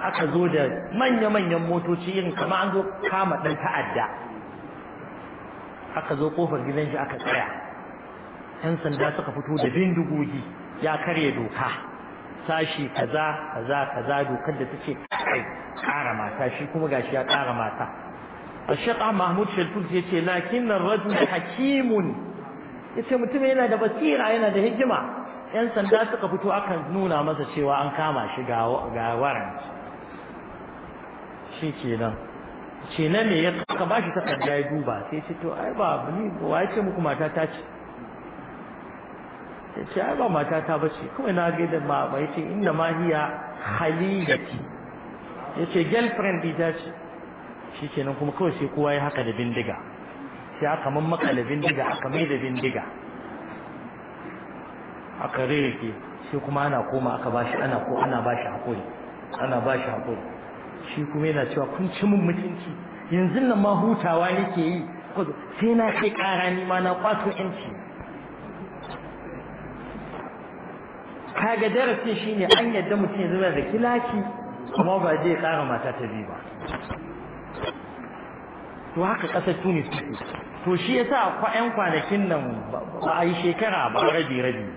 aka zo da manya-manyan motoci irin kama an zo kama ɗan ta'adda aka zo kofar gidan shi aka tsaya yan sanda suka fito da bindigogi ya karya doka sashi kaza kaza kaza dokar da take kai kara mata shi kuma gashi ya kara mata Sheikh Mahmud Shalfus ya ce lakin ar-rajul hakimun yace mutum yana da basira yana da hikima yan sanda suka fito aka nuna masa cewa an kama shi ga waran shi kenan ce na me ya ka ba shi takarda ya duba sai ce to ai ba ni wa ya ce muku mata ta ce sai ce ai ba mata ta ba ce kawai na ga da ma ya ce inda ma hiya haliyati ya ce girlfriend ta ce shi kenan kuma kawai sai kowa ya haka da bindiga sai aka mammaka da bindiga aka mai da bindiga aka ke sai kuma ana koma aka bashi ana ko ana bashi hakuri ana bashi hakuri shi kuma yana cewa kun ci min mutunci yanzu nan ma hutawa nake yi sai na kai kara ni ma na kwato yanci kaga darasin shine an yadda mutum ya zama da kilaki kuma ba zai kara mata ta biyu ba to haka kasar tunis to shi yasa kwa yan kwanakin nan ba a yi shekara ba rabi rabi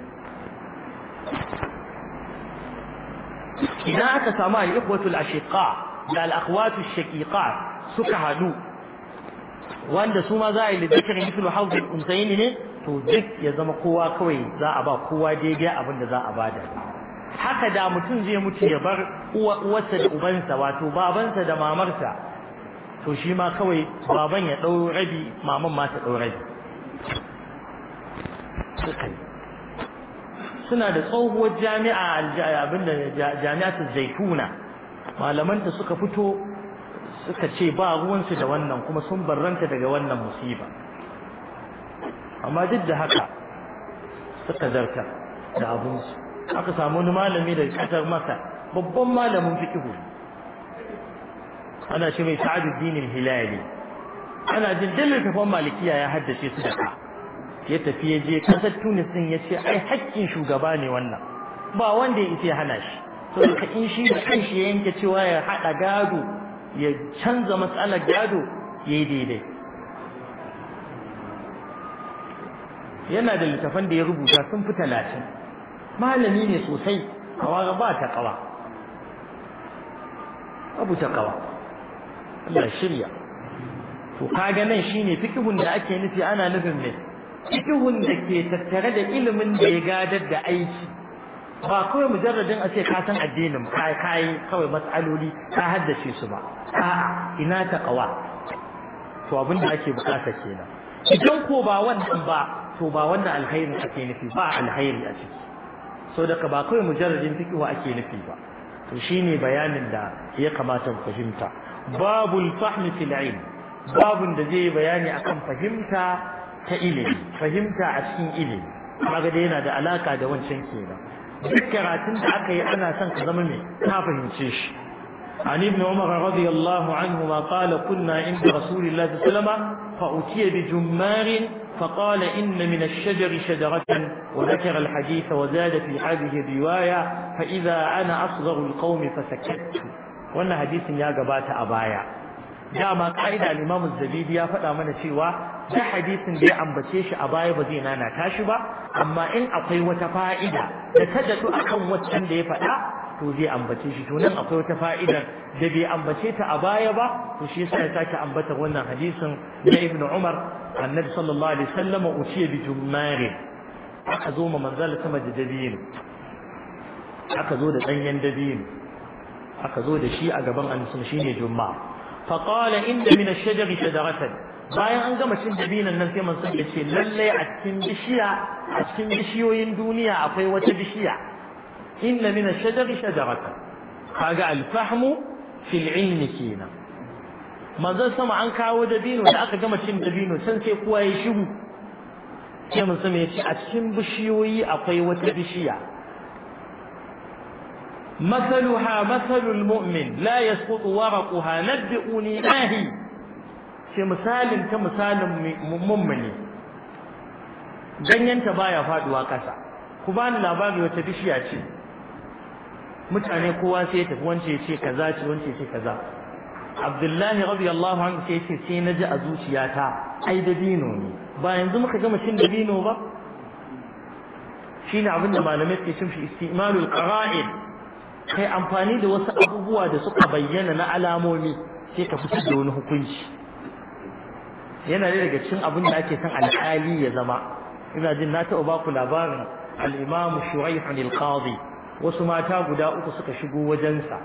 idan aka samu al-ikhwatul ashiqa da al-akhwatu shaqiqat suka haɗu. wanda su ma za a yi lidakar mithlu hawdul unsayin ne to duk ya zama kowa kawai za a ba kowa daidai abin da za a bada haka da mutum zai mutu ya bar uwarsa da ubansa wato babansa da mamarsa to shi ma kawai baban ya ɗau rabi maman ma ta ɗau rabi suna da tsohuwar jami'a abin da jami'atul zaituna malaman da suka fito suka ce ba ruwansu da wannan kuma sun barranta daga wannan musiba amma duk da haka suka zarta da abinsu aka samu wani malami da kasar masa babban malamin fikihu ana ce mai sa'aduddin hilali ana jin dalilin malikiya ya haddace su da ka ya tafi ya je kasar tunis ɗin ya ce ai haƙƙin shugaba ne wannan ba wanda ya isa ya hana shi so da in shi da kanshi ya yanke cewa ya hada gado ya canza matsalar gado yayi daidai yana da littafan da ya rubuta sun fi talatin malami ne sosai kawa ba ta kawa abu ta kawa Allah shirya to kaga nan shine fikihun da ake nufi ana nufin ne fikihun da ke tattare da ilimin da ya gadar da aiki ba kawai mujarradin a ce ka san addinin ka kai kawai matsaloli ka haddace su ba a ina ta kawa to abin da ake bukata kenan idan ko ba wannan ba to ba wannan alkhairi ake nufi ba alkhairi a ciki so daga ba kawai mujarradin fiqhu ake nufi ba to shine bayanin da ya kamata mu fahimta babul fahmi fil ilm babun da zai bayani akan fahimta ta ilimi fahimta a cikin ilimi kaga dai yana da alaka da wancan kenan duk karatun da aka yi ana son ka zama mai ka fahimce shi عن ابن عمر رضي الله عنهما قال كنا عند رسول الله صلى الله عليه وسلم فأتي بجمار فقال إن من الشجر شجرة وذكر الحديث وزاد في هذه الرواية فإذا أنا أصغر القوم فسكت وأن حديث يا جبات أبايا dama ka'ida al-Imam az-Zabidi ya faɗa mana cewa da hadisin da ya ambace shi a baya ba zai nana tashi ba amma in akwai wata fa'ida da ta dadu akan waccan da ya faɗa to zai ambace shi to nan akwai wata fa'idar da bai ambace ta a baya ba to shi yasa ya sake ambata wannan hadisin na Ibn Umar annabi sallallahu alaihi wasallam uciye bi jummarin aka zo ma manzal sama da dabino aka zo da danyen dabino aka zo da shi a gaban annabi shine juma'a فقال إن من الشجر شجرة bayan an gama cin dabinan nan sai manzon ya ce lallai a cikin bishiya a cikin bishiyoyin duniya akwai wata bishiya inna min ash-shajari shajaratan kaga al-fahmu fi al-ilm kenan manzon sama an kawo dabino da aka gama cin dabino san sai kowa ya shiru sai manzon ya ce a cikin bishiyoyi akwai wata bishiya مثلها مثل المؤمن لا يسقط ورقها نبئوني ما ce misalin ta misalin mummuni ganyenta baya faduwa kasa ku bani labari wata bishiya ce mutane kowa sai ta tafi wance ce kaza ce wance ce kaza Abdullahi radiyallahu anhu sai ce sai naji a zuciyata ai da dino ne ba yanzu muka gama mashin da dino ba shine abin da malamai suke cin shi istimalul qara'id kai amfani da wasu abubuwa da suka bayyana na alamomi sai ka fitar da wani hukunci yana da daga cikin abin da ake son alƙali ya zama ina jin na taɓa ku labarin al-imam shuraih al-qadi wasu mata guda uku suka shigo wajensa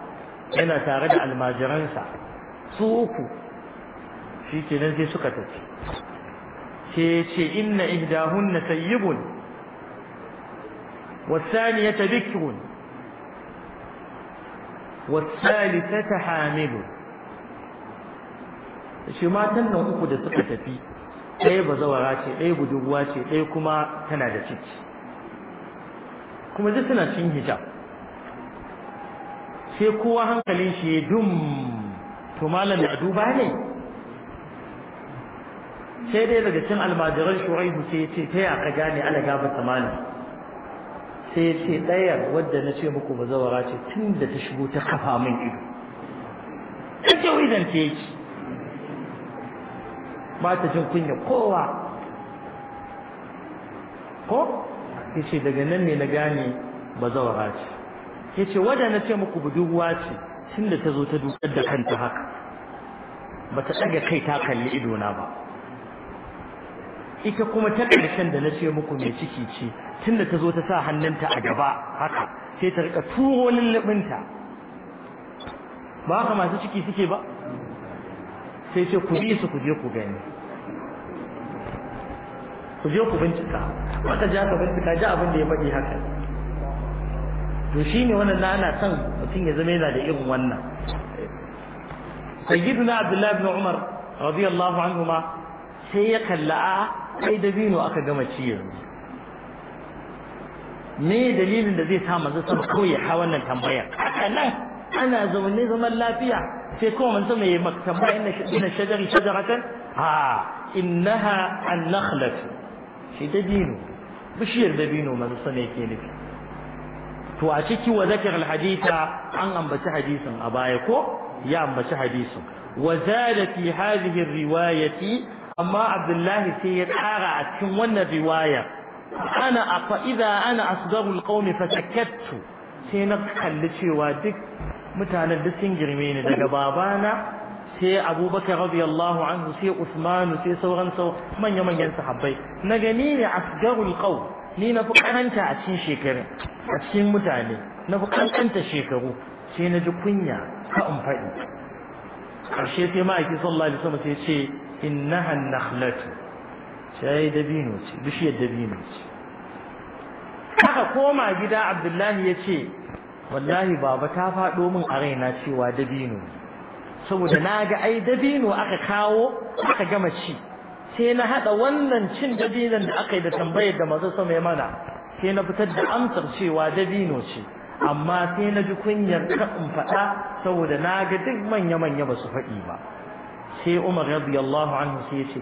yana tare da almajiransa su uku shi kenan sai suka tafi sai ce inna ihdahunna sayyibun والثانية بكر والثالثة حامل shi matan nan uku da suka tafi ɗaya bazawara ce ɗaya budurwa ce ɗaya kuma tana da ciki kuma duk suna cin hijab sai kowa hankalin shi ya dum to malam ya duba ne sai dai daga cin almajiran shu'aibu sai ya ce ta yaka gane ana gaba tsamani sai ya ce ɗayar wadda na ce muku bazawara ce tun da ta shigo ta kafa min ido ta ce idan ta yake ba ta jin kunya kowa ko ce daga nan ne na gane ba zawara ce ce wada na ce muku budurwa ce tunda ta zo ta dukar da kanta haka ba ta daga kai ta kalli ido na ba ita kuma ta ƙarshen da na ce muku mai ciki ce tunda ta zo ta sa hannunta a gaba haka sai ta rika turo lullubinta ba haka masu ciki suke ba sai ce ku bi su ku je ku gani ku je ku bincika wata ja ka bincika ja abin da ya faɗi haka to shine wannan na ana son mutum ya zama yana da irin wannan sayyiduna abdullahi ibn umar radiyallahu anhuma sai ya kalla a ai dabino aka gama ci me dalilin da zai sa manzo sama kawai ha wannan tambayar haka nan zaune zaman lafiya sai kuma manzo mai tambaya inna shajari shajaratan A innaha an ce dabino bishiyar dabino manzo sama yake nufi to a ciki wa zakar alhaditha an ambaci hadisin a baya ko ya ambaci hadisin wa zada fi hadhihi riwayati amma abdullahi sai ya tsara a cikin wannan riwaya ana afa idza ana asdarul qaumi fasakattu sai na kalli cewa duk mutanen da sun girme ni daga babana sai abubakar radiyallahu anhu sai usmanu sai sauran sau manya manyan sahabbai na gani ne asgarul qaw ni na fi karanta a cikin shekarun a cikin mutane na fi karanta shekaru sai na ji kunya ka in faɗi Karshe sai ma'aiki sallallahu alaihi wasallam sai ce innaha nakhlatu sai dabino ce bishiyar dabino ce haka koma gida abdullahi ya ce wallahi baba ta faɗo min a raina cewa dabino ne saboda na ga ai dabino aka kawo aka gama ci sai na haɗa wannan cin dabinon da aka yi da tambayar da mazo sama ya mana sai na fitar da amsar cewa dabino ce amma sai na ji kunyar ka faɗa saboda na ga duk manya-manya ba su faɗi ba sai umar radiyallahu anhu sai ya ce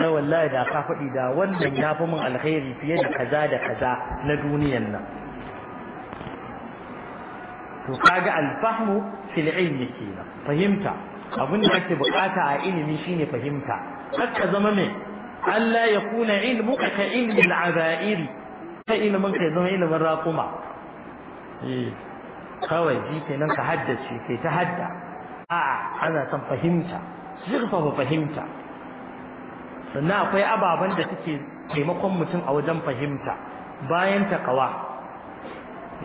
na wallahi da ka faɗi da wannan ya fi min alkhairi fiye da kaza da kaza na duniyan nan to kaga alfahmu fil ilmi kenan fahimta abin da ake bukata a ilimi shine fahimta haka zama mai Allah ya kuna ilmuka ka ilmi al'azairi ta ilimin ka zama ilimin raƙuma eh, kawai ji kenan ka haddace kai ta hadda a'a ana son fahimta zurfafa fahimta sannan akwai ababan da suke taimakon mutum a wajen fahimta bayan takawa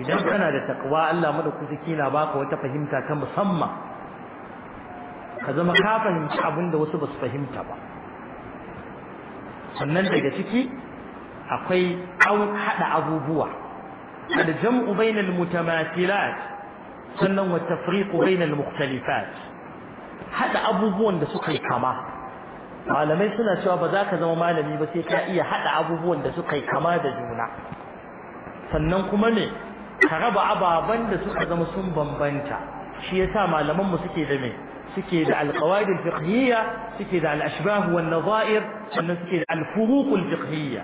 idan kana da takwa Allah madaukaki na baka wata fahimta ta musamman ka zama ka fahimci abinda da wasu ba su fahimta ba sannan daga ciki akwai an haɗa abubuwa aljam'u bainal mutamathilat sannan wa tafriqu bainal mukhtalifat haɗa abubuwan da suka yi kama malamai suna cewa ba za ka zama malami ba sai ka iya haɗa abubuwan da suka yi kama da juna sannan kuma ne ka raba ababan da suka zama sun bambanta shi yasa malaman mu suke da me suke da alqawaid alfiqhiyya suke da alashbah wan nadha'ir sannan suke da alfuruq alfiqhiyya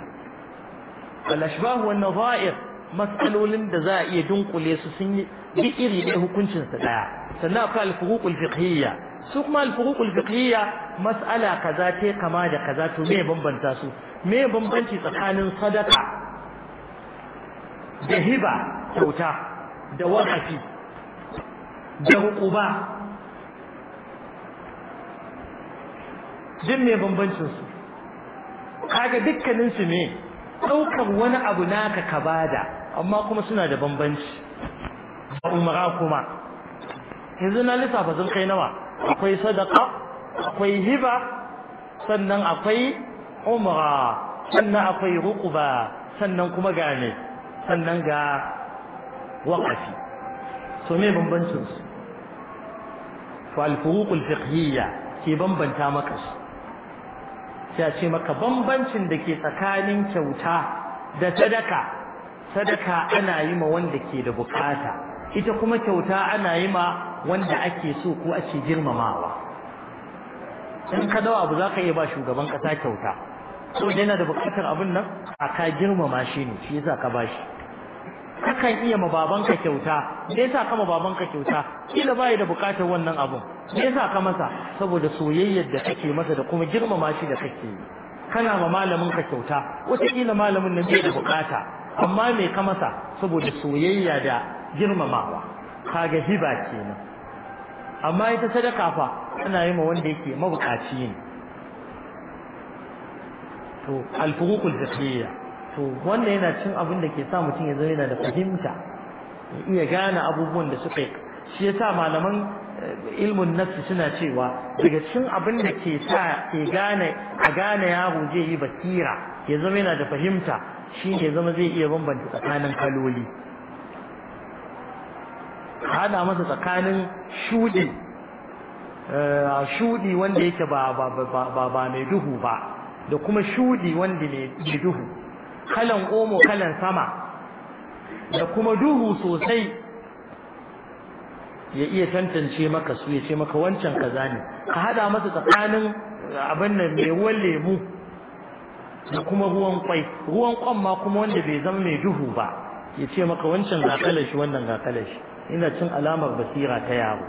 alashbah wan nadha'ir mas'alolin da za a iya dunkule su sun yi duk iri ɗaya hukuncin su ɗaya sannan akwai alfuruq alfiqhiyya su kuma alfuruq alfiqhiyya mas'ala kaza ta kama da kaza to me bambanta su me bambanci tsakanin sadaka da hiba kyauta da wahafi da hukuba jin mai bambancin su kaga dukkanin su ne daukar wani abu naka ka bada amma kuma suna da bambanci ba umara kuma yanzu na lissafa sun kai nawa akwai sadaka akwai hiba sannan akwai umara sannan akwai rukuba sannan kuma gane sannan ga waƙafi so me bambancin su falfuruqul fiqhiyya ke bambanta maka su sai ce maka bambancin da ke tsakanin kyauta da sadaka sadaka ana yi ma wanda ke da bukata ita kuma kyauta ana yi ma wanda ake so ko ake girmamawa in ka dawa abu za ka iya ba shugaban ƙasa kyauta so yana da bukatar abin nan aka girmama shi ne shi yasa ka bashi. kakan iya ma babanka kyauta me yasa ka ma babanka kyauta kila bai da bukatar wannan abun me yasa ka masa saboda soyayyar da kake masa da kuma girmama shi da kake kana ma malamin ka kyauta wata kila malamin nan bai da bukata amma me ka masa saboda soyayya da girmamawa kaga hiba kenan amma ita sadaka fa ana yi ma wanda yake mabukaci ne to al-furuqul fiqhiyya to wannan yana cin abin da ke sa mutum ya zama yana da fahimta iya gane abubuwan da suka yi shi yasa malaman eh, ilmin nafsi suna cewa daga cin abin da ke sa ke gane a gane yaro zai yi basira ya zama yana da fahimta shi ne zama zai iya bambanta tsakanin kaloli hada masa tsakanin shudi eh, shudi wanda yake ba ba ba ba mai duhu ba da kuma shudi wanda mai duhu kalan omo kalan sama da kuma duhu sosai ya iya tantance maka su ya ce maka wancan kaza ne ka hada masa tsakanin eh, abin nan mai ruwan lemu da kuma ruwan kwai ruwan kwan ma kuma wanda bai zama mai duhu ba ya ce maka wancan ga shi wannan ga shi ina cin alamar basira ta yaro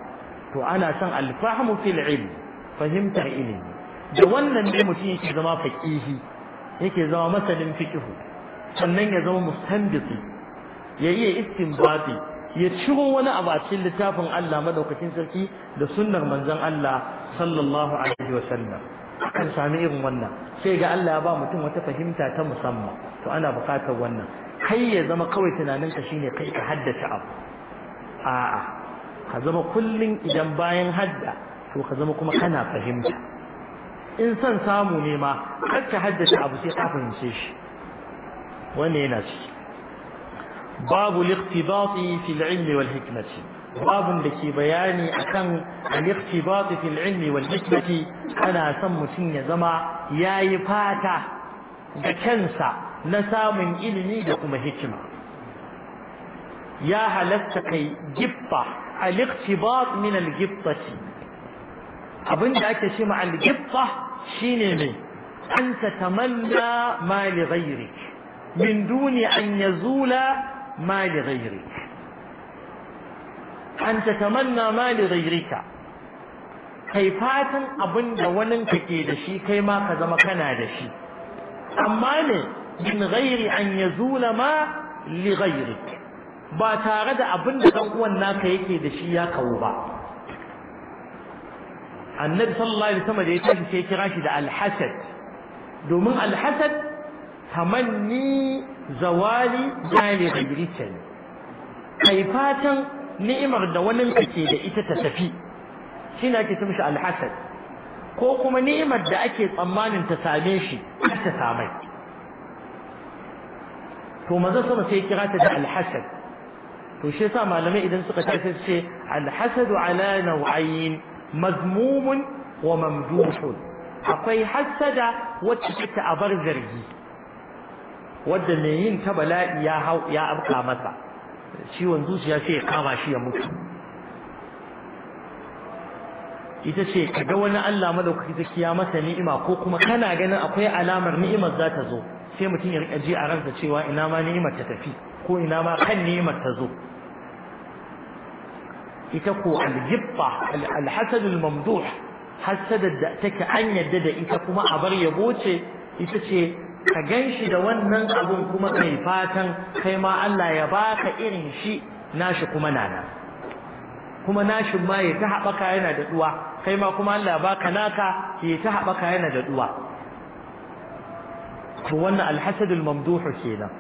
to ana son alfahmu fil ilm fahimtar ilimi da wannan ne mutum yake zama faqihi yake zama masanin fiqhu sannan ya zama mustandisi ya yi istinbati ya ciro wani abu a cikin littafin Allah madaukakin sarki da sunnar manzon Allah sallallahu alaihi wasallam kan sami irin wannan sai ga Allah ya ba mutum wata fahimta ta musamman to ana buƙatar wannan kai ya zama kawai tunaninka shine kai ka haddace abu a'a ka zama kullum idan bayan hadda to ka zama kuma kana fahimta in son samu ne ma kar ka haddace abu sai ka fahimce shi wanda yana ciki babu liqtibati fil ilmi wal hikmati babun da ke bayani akan al-iqtibati fil ilmi wal hikmati ana son mutum ya zama yayi fata da kansa na samun ilimi da kuma hikima ya halatta kai giffa a iqtibat min al abinda ake ce ma al shine ne an tatamanna ma li من دون أن يزول ما لغيرك أن تتمنى ما لغيرك kai fatan abin da wanin ke da shi kai ma ka zama kana da shi amma ne min ghairi an yazula ma li ghairik ba tare da abin da dan uwan naka yake da shi ya kawo ba annabi sallallahu alaihi wasallam da ya tashi kira shi da alhasad domin alhasad tamanni zawali jali ghayrika kai fatan ni'imar da wani kake da ita ta tafi ne ake ce alhasad ko kuma ni'imar da ake tsammanin ta same shi kar ta to maza sama sai kira ta da alhasad to shi yasa malamai idan suka tafi ce alhasadu ala naw'ain mazmumun wa mamduhun akwai hasada wacce take a bar zargi wadda mai yin ta bala'i ya hau ya afka masa ciwon zuciya sai ya kama shi ya mutu ita ce kaga wani Allah madaukaki Zakiya ya masa ni'ima ko kuma kana ganin akwai alamar ni'imar za ta zo sai mutum ya rika ji a ransa cewa ina ma ni'imar ta tafi ko ina ma kan ni'imar ta zo ita ko al-jibba al-hasad da take an yadda da ita kuma a bar ya ce ita ce ka gan shi da wannan abun kuma kai fatan kai ma Allah ya baka irin shi nashi kuma nana kuma nashi ma ya ta haɓaka yana da duwa kai ma kuma Allah ya baka naka ya ta haɓaka yana da duwa to wannan alhasadul mamduhu kenan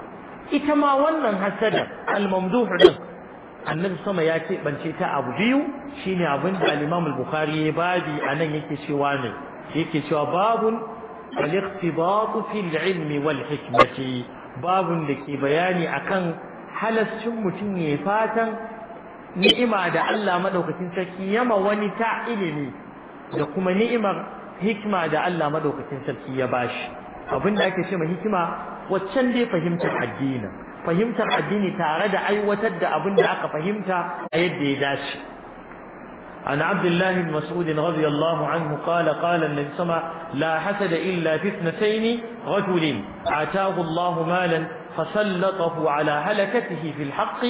ita ma wannan hasadar almamduhu din annabi sama ya keɓance ta abu biyu shine abin da al-Imam al-Bukhari ya babi anan yake cewa ne yake cewa babun الاختباط في العلم والحكمة باب لكي بياني أكن هل السمتين fatan, ni'ima da Allah Maɗaukacin sarki yama wani ta ilimi da kuma ni'imar hikima da Allah Maɗaukacin sarki ya bashi abinda ake cewa hikima waccan dai fahimtar addini fahimtar addini tare da aiwatar da abin da aka fahimta a yadda ya dace عن عبد الله بن مسعود رضي الله عنه قال قال النبي صلى الله عليه وسلم لا حسد إلا في اثنتين رجل اتاه الله مالا فسلطه على هلكته في الحق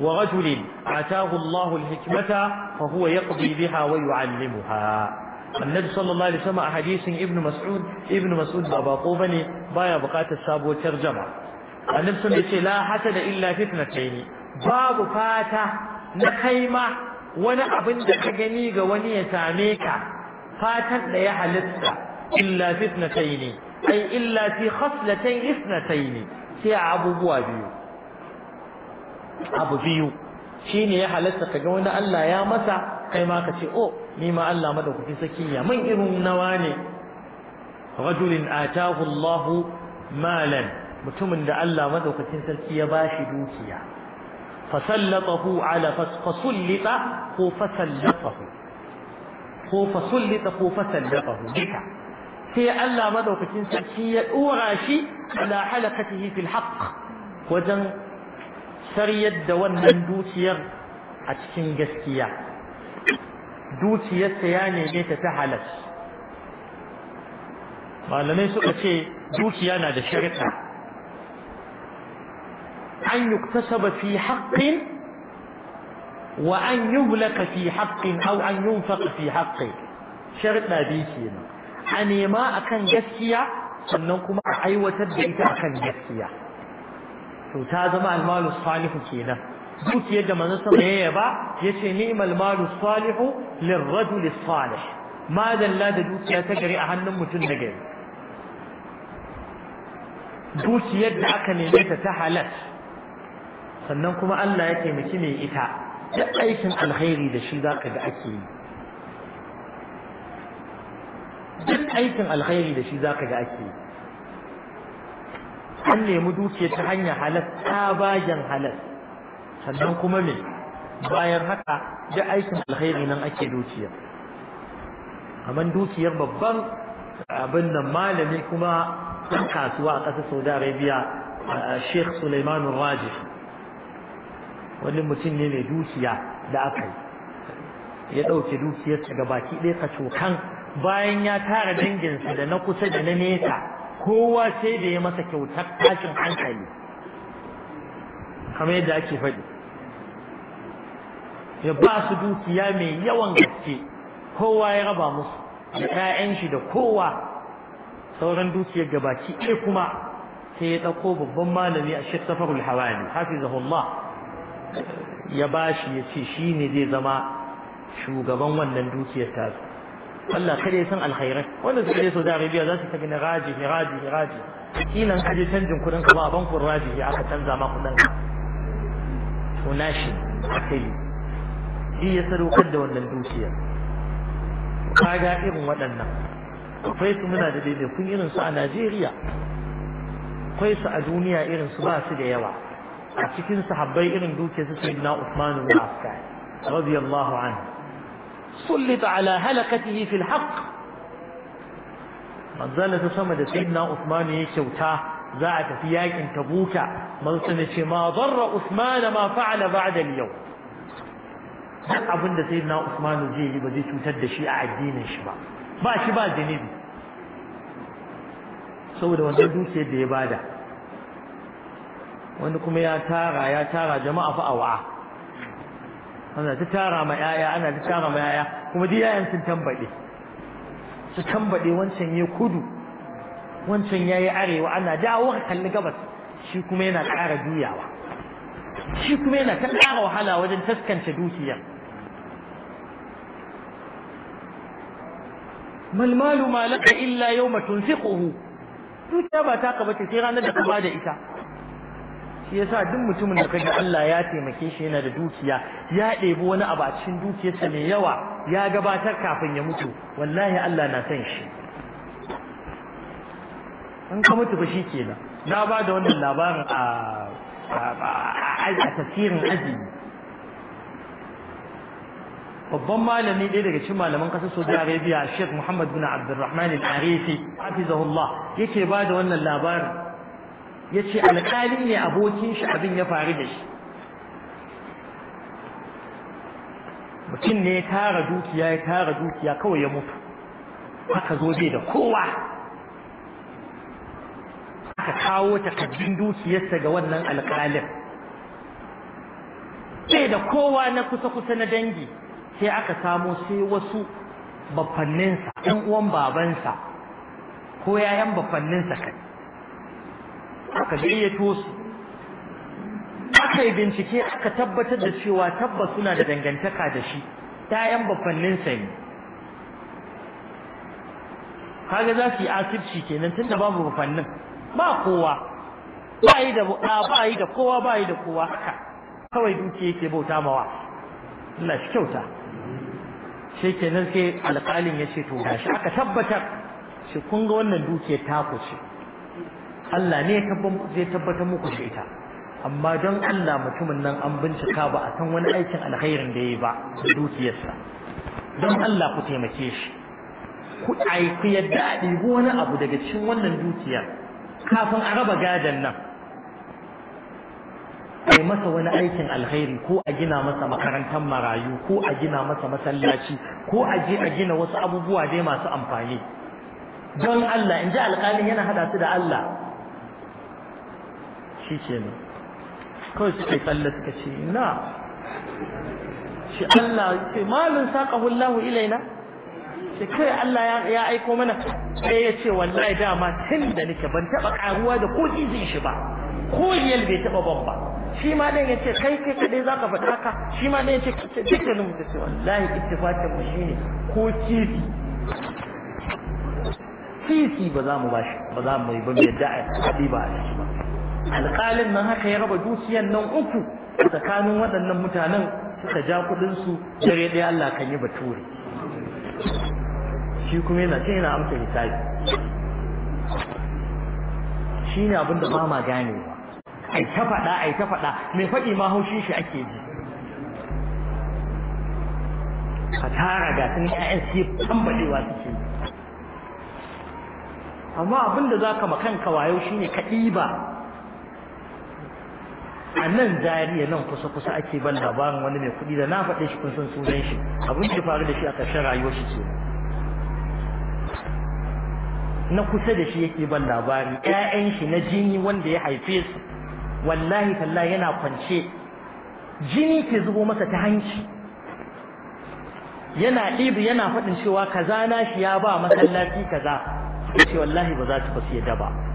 ورجل اتاه الله الحكمة فهو يقضي بها ويعلمها النبي صلى الله عليه وسلم حديث ابن مسعود ابن مسعود بابا قوبني بايا بقات الساب وترجمة النبي صلى الله عليه وسلم لا حسد إلا في اثنتين باب فاته نخيمه wani abin da ka gani ga wani ya same ka fatan da ya halitta illa fitnatai ne ai illa fi khaslatain isnatai ne sai a abubuwa biyu abu biyu shine ya halitta ka ga wani Allah ya masa kai ma ka ce oh ni ma Allah madaukakin saki mun irin nawa ne rajulin atahu Allahu malan mutumin da Allah madaukakin sarki ya bashi dukiya fasallatahu ala fasallita ko fasallatahu ko fasallita ko fasallatahu duka sai Allah madaukakin sarki ya dora shi ala halakatihi fil haqq wajen sariyar da wannan dukiyar a cikin gaskiya dukiyar ta ya neme ta ta halas malamai suka ce dukiya na da sharta أن يكتسب في حق وأن يبلك في حق أو أن ينفق في حق شرط ما بيكينا أني ما أكن جسيا سننكم أعيوة بيت أكن جسيا تتازم المال الصالح كينا دوت يجب ما نصر يبا يتنيم المال الصالح للرجل الصالح ماذا لا دوت يتجري أهن متنقين دوت يجب أكن يتتحلت sannan kuma Allah ya taimaki mai ita duk aikin alkhairi da shi za ka ga ake yi duk aikin alkhairi da shi za ka ga ake yi an nemi dukiya ta hanyar halas ta tabagen halas sannan kuma me bayan haka duk aikin alkhairi nan ake dukiya amma dukiyar babban abin nan malami kuma ɗan kasuwa a ƙasar saudi arabia sheikh suleiman rajih wani mutum ne mai dukiya da aka yi ya ɗauke dukiyarsa ga baki ɗaya ka cokan bayan ya tara danginsa da na kusa da na nesa kowa sai da ya masa kyautar tashin hankali kamar yadda ake faɗi ya ba su dukiya mai yawan gaske kowa ya raba musu da 'ya'yan shi da kowa sauran dukiyar gabaki ɗaya kuma sai ya ɗauko babban malami a shek safarul hawani hafizahullah ya bashi ya ce shi ne zai zama shugaban wannan dukiyar tasu Allah kada ya san alkhairai wanda suka je Saudi Arabia za su ta gani raji raji raji kilan kaje canjin kudin ka ba a bankun raji aka canza ma kudin ka to nashi akai shi ya sadaukar da wannan dukiyar kaga irin waɗannan akwai su muna da kun irin su a Najeriya akwai su a duniya irin su ba su da yawa cikin sahabbai irin duke su sayyidina Uthman ibn Affan radiyallahu anhu سلط ala halakatihi fil haqq manzala ta sama da sayyidina Uthman ya kyauta za a tafi yakin Tabuka manzala ce ma darra Uthman ma fa'ala ba'da al-yawm duk abin da sayyidina Uthman zai yi ba zai cutar da shi a addinin shi ba ba shi ba zanibi saboda wannan dukiyar da ya bada wani kuma ya tara ya tara jama'a fa awa ana ta tara ma yaya ana ta tara ma yaya kuma duk yayan sun tambade su tambade wancan ya kudu wancan yayi arewa ana dawo ka kalli gabas shi kuma yana ƙara duyawa shi kuma yana ta ƙara wahala wajen taskance dukiyar malmalu malaka illa yau tunfiquhu dukiya ba ta ka bace sai ranar da ka bada ita shi yasa duk mutumin da kaga Allah ya taimake shi yana da dukiya ya ɗebi wani abu a cikin dukiyarsa mai yawa ya gabatar kafin ya mutu wallahi Allah na san shi in ka mutu ba shi kenan na ba da wannan labarin a a tasirin azumi babban malami ɗaya daga cikin malaman ƙasar Saudi Arabia Sheikh Muhammad bin Abdulrahman Al-Arifi hafizahullah yake ba da wannan labarin ya ce alƙalin ne abokin shi abin ya faru da shi mutum ne ya tara dukiya ya tara dukiya kawai ya mutu aka zo zai da kowa aka kawo takaddun dukiyarsa ga wannan alƙalin Sai da kowa na kusa-kusa na dangi sai aka samo sai wasu bafanninsa ɗan uwan babansa ko yayan bafanninsa kai aka gayyato su aka yi bincike aka tabbatar da cewa tabbas suna da dangantaka da shi ‘ya'yan bafanninsa ne kaga za su yi asirci kenan tunda babu bafannin ba kowa ba yi da ba yi da kowa ba yi da kowa haka kawai duke yake bauta mawa Allah shi kyauta shi kenan sai alƙalin ya ce to gashi aka tabbatar shi kun ga wannan dukiyar ta ce Allah ne zai tabbatar muku da ita amma don Allah mutumin nan an bincika ba a san wani aikin alkhairin da ya yi ba dukiyarsa don Allah ku taimake shi ku aiki yadda a ɗibi wani abu daga cikin wannan dukiyar kafin a raba gadon nan ai masa wani aikin alkhairi ko a gina masa makarantar marayu ko a gina masa masallaci ko a je a gina wasu abubuwa dai masu amfani don Allah in ji alƙalin yana hada su da Allah shi ke nan kawai suka yi tsalle suka ce na shi Allah ce malin saƙahu Allahu ilaina shi kai Allah ya aiko mana sai ya ce wallahi dama tun da nake ban taɓa ƙaruwa da ko izin shi ba ko yel bai taɓa ban ba shi ma ɗan ya ce kai kai kaɗai za ka faɗa ka shi ma ɗan ya ce dukkanin mu ta ce wallahi ittifaqin mu shine ko kifi kifi ba za mu ba shi ba za mu yi ba mu yadda a ba a ciki ba alƙalin nan haka ya raba dukiyan nan uku tsakanin waɗannan mutanen suka ja kuɗinsu dare ɗaya Allah kan yi bature shi kuma yana ce yana amsa hisabi shi ne abinda ba ma ganewa ai ta faɗa ai ta faɗa mai faɗi ma haushi shi ake ji a tara ga sun ƴaƴan su tambadewa suke amma abinda za ka makanka wayo ne ka ɗiba a nan zariya nan kusa kusa ake ban labarin wani mai kuɗi da na faɗe shi kun san sunan shi abin da faru da shi a ƙarshen rayuwar shi ce na kusa da shi yake ban labari ƴaƴan shi na jini wanda ya haife su wallahi talla yana kwance jini ke zubo masa ta hanci yana ɗibi yana faɗin cewa kaza na shi ya ba masallaci kaza ce wallahi ba za su fasiya ya daba. ba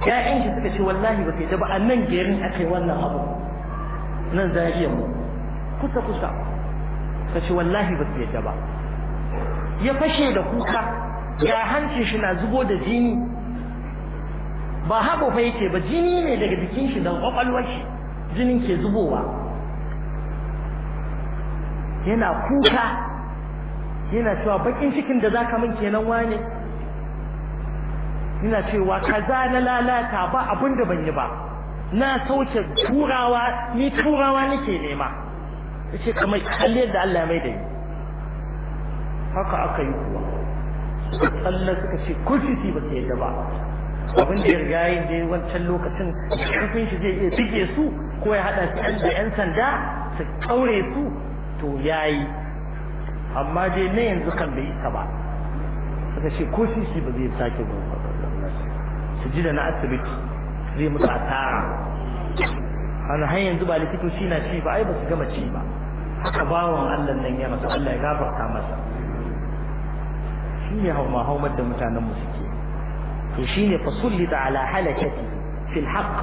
ƴaƴan shi suka ce wallahi ba kai ba a nan gerin yi wannan abu nan za iya mu kusa kusa ka ce wallahi ba kai ba ya fashe da kuka ya hancin shi na zubo da jini ba haɓo fa yake ba jini ne daga jikin shi da ƙwaƙwalwar shi jinin ke zubowa yana kuka yana cewa bakin cikin da za ka min kenan wane ina cewa kaza na lalata ba abin da ban yi ba na sauke turawa ni turawa nake nema yace kamar kalle da Allah mai da ni haka aka yi kuwa Allah suka ce kurfisi ba sai yadda ba abin da ya yi yin da wancan lokacin kafin shi zai iya su ko ya hada su da yan sanda su kaure su to yayi amma dai na yanzu kan bai isa ba suka ce ko shi ba zai sake ba ji da na asibiti zai musu asara ana har yanzu ba likitoci na ci ba ai ba su gama ci ba haka bawan Allah nan ya masa Allah ya gafarta masa Shi shine hauma haumar da mutanen mu suke to shi shine fasullita ala halakati fil haqq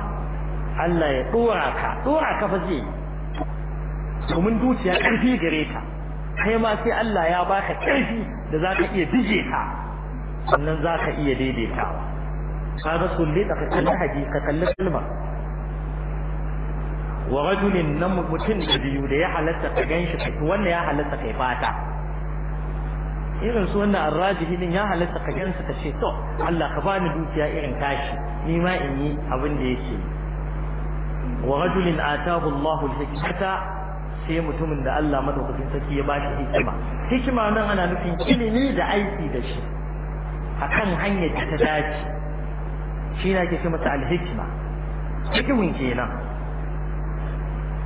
Allah ya dora ka dora ka fa zai mun dukiya karfi gare ta kai ma sai Allah ya baka karfi da za ka iya dije ta sannan za ka iya daidaitawa kaga kulli da kalli hadisi ka kalli kalma wa rajulin nan mutum da biyu da ya halatta ka ganshi kai wannan ya halatta kai fata irin su wannan arrajihi din ya halatta ka gansa ka ce to Allah ka bani dukiya irin tashi ni ma in yi abin da yake wa rajulin atahu Allahu al-hikmata sai mutumin da Allah madaukakin sarki ya bashi hikima hikima nan ana nufin ilimi da aiki da shi akan hanyar da ta dace shi na ke ce mata alhikima hikimin kenan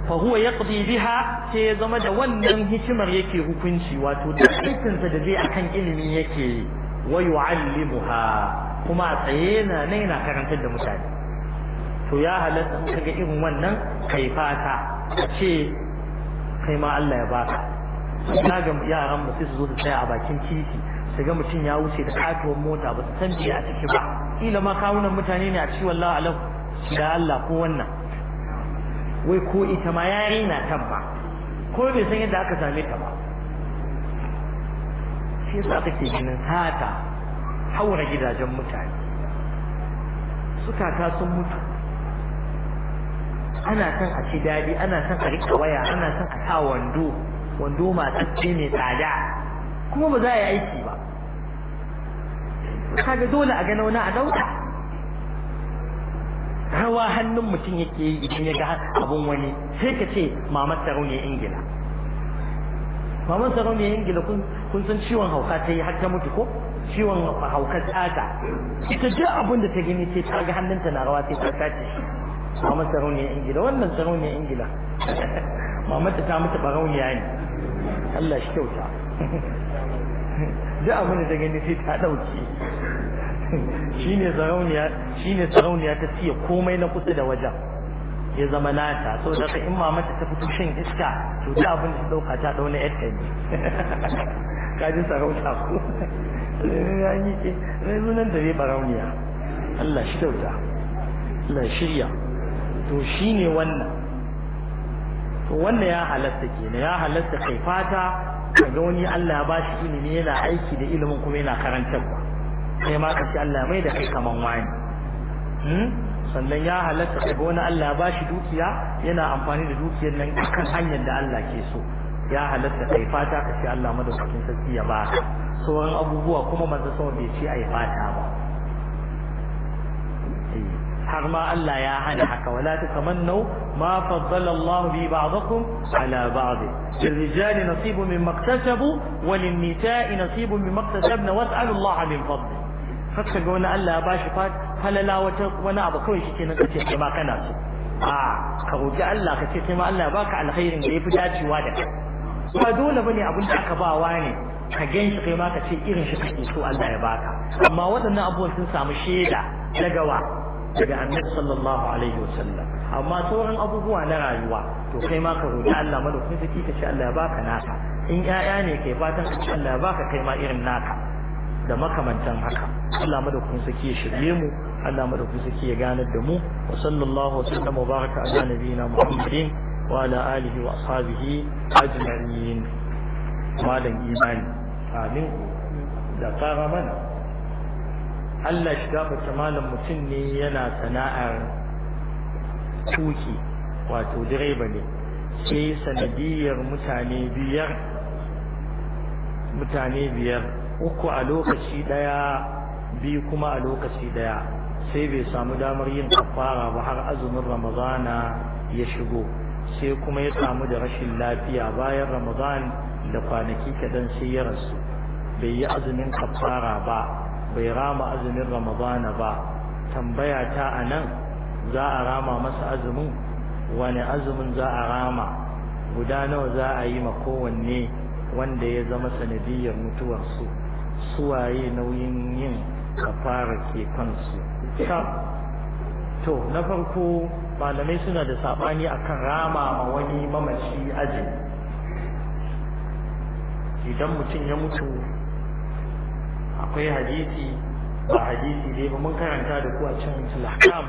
fa huwa yaqdi biha sai ya zama da wannan hikimar yake hukunci wato da aikinsa da zai akan ilimi yake wa yu'allimuha kuma a tsaye na ne yana karantar da mutane to ya halatta in kaga irin wannan kai fata ce kai ma Allah ya baka na ga yaran mu su zo su tsaya a bakin titi su ga mutum ya wuce da katuwar mota ba su san biya a ciki ba kila ma kawunan mutane ne a ci wallahu alam da Allah ko wannan wai ko ita ma yi na tabba ko bai san yadda aka same ta ba shi yasa aka ke ginin hata haura gidajen mutane sukata sun mutu ana son a ci dadi ana son a rika waya ana son a sa wando wando matsatsi mai tsada kuma ba za a yi aiki ba kaga dole a gano na a dauka rawa hannun mutum yake yi idan ya ga abun wani sai ka ce mamar sarauniyar ingila mamar sarauniyar ingila kun san ciwon hauka ta yi har ta mutu ko ciwon hauka tsata ita duk abin da ta gani sai ta ga hannunta na rawa sai ta tace shi mamar sarauniyar ingila wannan sarauniyar ingila mamar ta mutu barauniya ne Allah shi kyauta duk abin da gani sai ta ɗauke shine sarauniya shine sarauniya ta siya komai na kusa da wajen ya zama nata so da in mama ta fito shan iska to duk abin da ta dauka ta dauna yar ta ne ji sarauta ko eh, an yi ke sai nan da zai barauniya Allah shi dauka Allah shirya to shine wannan to wannan ya halatta kenan ya halatta kai fata kaga wani Allah ya bashi ilimi yana aiki da ilimin kuma yana karantarwa sai ma ka ce Allah mai da kai kaman wani hmm? sannan ya halatta kaga wani Allah ya bashi dukiya yana amfani da dukiyar nan kan hanyar da Allah ke so ya halatta kai fata ka ce Allah madaukakin sarki ya baka sauran abubuwa kuma manzo sama bai ce ai fata ba har ma Allah ya hana haka wala tatamannu ma faddala Allah bi ba'dakum ala ba'd lirrijal nasibun mimma iktasabu wa lin-nisa'i nasibun mimma iktasabna was'alu Allah min fadli haka ga wani Allah bashi falala wata wani abu kawai shi kenan kace kai ma kana so a ka roki Allah kace kai ma Allah ya baka alkhairin da yafi dacewa da kai ba dole bane abin da aka bawa ne ka gan shi kai ma ka ce irin shi kake so Allah ya baka amma waɗannan abubuwan sun samu shaida na gawa daga annabi sallallahu alaihi wasallam amma sauran abubuwa na rayuwa to kai ma ka roki Allah madaukakin sarki ka ce Allah ya baka naka in ƴaƴa ne kai fatan ka ce Allah ya baka kai ma irin naka da makamantan haka Allah madaukakin sarki ya shirye mu Allah madaukakin sarki ya ganar da mu wa sallallahu wa sallam wa baraka ala nabiyina Muhammadin wa ala alihi wa ashabihi ajma'in malam imani amin da fara mana Allah shiga bata malam mutum ne yana sana'ar tuki wato direba ne sai sanadiyar mutane biyar mutane biyar uku a lokaci daya biyu kuma a lokaci daya sai bai samu damar yin kafara ba har azumin ramadana ya shigo sai kuma ya samu da rashin lafiya bayan ramadan da kwanaki kadan sai ya rasu bai yi azumin kafara ba bai rama azumin ramadana ba tambaya ta nan za a rama masa azumin wani azumin za a rama guda nawa za a yi ma kowanne wanda ya zama sanadiyar mutuwarsu waye nauyin yin kafara ke kansu to na farko malamai suna da sabani akan rama ma wani mamaci aji idan mutum ya mutu akwai hadisi ba hadisi dai ba mun karanta da ku a can sulhakam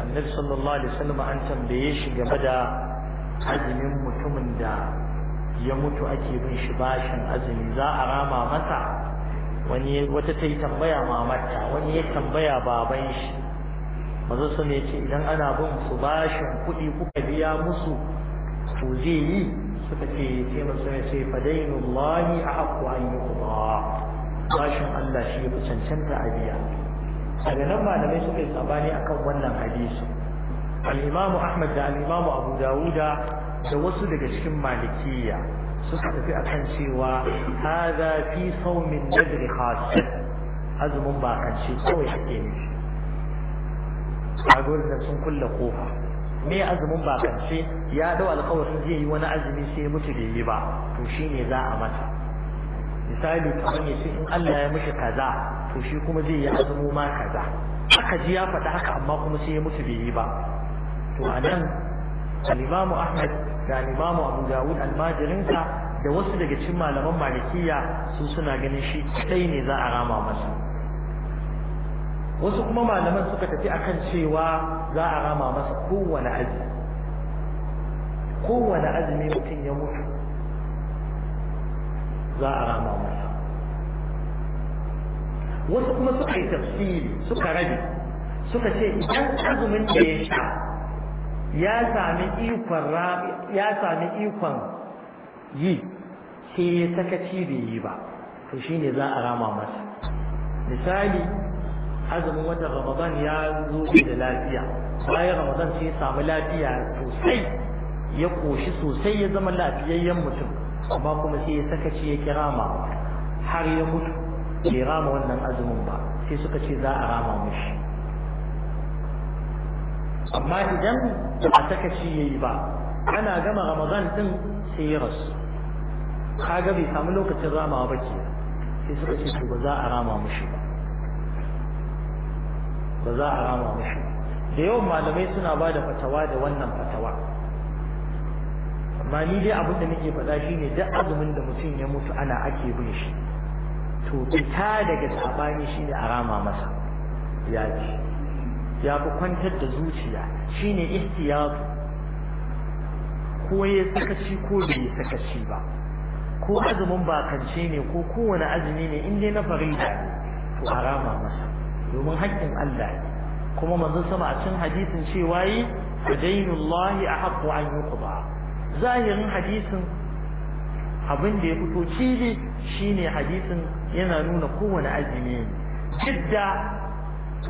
annabi sallallahu alaihi wasallam an tambaye shi game da azumin mutumin da ya mutu ake bin shi bashin azumi za a rama masa wani wata ta yi tambaya mamata wani ya tambaya baban shi maza su ne ce idan ana bin su bashin kuɗi kuka biya musu to zai yi suka ce sai masu ne ce fadainu lahi a haƙƙo an yi kuma bashin Allah shi ya fi cancanta a biya daga nan malamai suka yi sabani akan wannan hadisi al-imamu Ahmad da al Abu Dawuda da wasu daga cikin malikiya suka tafi akan cewa hadha fi sawmin nadr khas azumin ba kan shi kawai ake ne a gurin sun kulle kofa me azumin ba kan ya dau alƙawarin zai yi wani azumi sai mutu bai yi ba to shine za a mata misali kamar ya ce in Allah ya mishi kaza to shi kuma zai yi azumu ma kaza aka ji ya faɗa haka amma kuma sai ya mutu bai yi ba to a nan al-Imam Ahmad da al-Imam Abu Dawud al da wasu daga cikin malaman Malikiya su suna ganin shi sai ne za a rama masa wasu kuma malaman suka tafi akan cewa za a rama masa kowane azumi kowane azumi mutum ya mutu za a rama masa wasu kuma suka yi tafsiri suka rabe suka ce idan azumin da ya sha ya sami ikon ya yi sai ya sakaci bai yi ba to shine za a rama masa misali azumin watan ramadan ya zo da lafiya bayan ramadan sai ya samu lafiya sosai ya koshi sosai ya zama lafiyayyen mutum amma kuma sai ya ci ya kirama har ya mutu bai rama wannan azumin ba sai suka ce za a rama mishi amma idan a saka ci ya yi ba ana gama ramadan din sai ya rasu kaga bai samu lokacin ramawa ba ke sai suka ce ba za a rama mishi ba ba za a rama mishi da yawan malamai suna ba da fatawa da wannan fatawa amma ni dai abin da nake faɗa shine duk azumin da mutum ya mutu ana ake bin shi to fita daga sabani shine a rama masa ya ce ya fi kwantar da zuciya ne istiyatu. ko ya sakaci ko bai sakaci ba ko azumin bakance ne ko kowane azumi ne in dai na farida ne to a rama masa domin haƙƙin Allah ne kuma manzon sama a cikin hadisin cewa yi fadainullahi ahaqqu an ba. zahirin hadisin abin da ya fito cili ne hadisin yana nuna kowane azumi duk da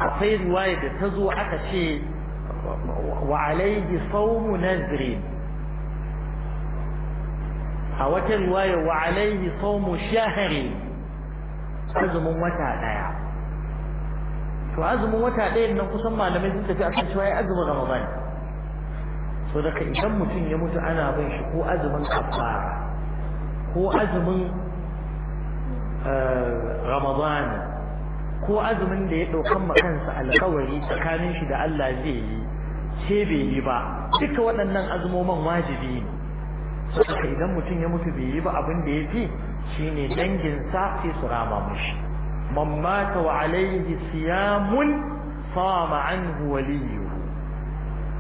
akwai ruwaya da ta zo aka ce wa alaihi saumu nazri a wata riwaya wa alaihi saumu shahari azumin wata ɗaya. to azumin wata ɗaya, nan kusan malamai sun tafi akan cewa ya azumin ramadan so daga idan mutum ya mutu ana bin shi ko azumin kafara ko azumin eh, ramadan ko azumin da ya ɗaukan kansa alkawari tsakanin shi da Allah zai yi ce bai yi ba duka waɗannan azumoman wajibi ne saboda idan mutum ya mutu bai yi ba abin da ya fi shine danginsa sai su rama mushi man mata wa alaihi siyamun fama anhu waliyu.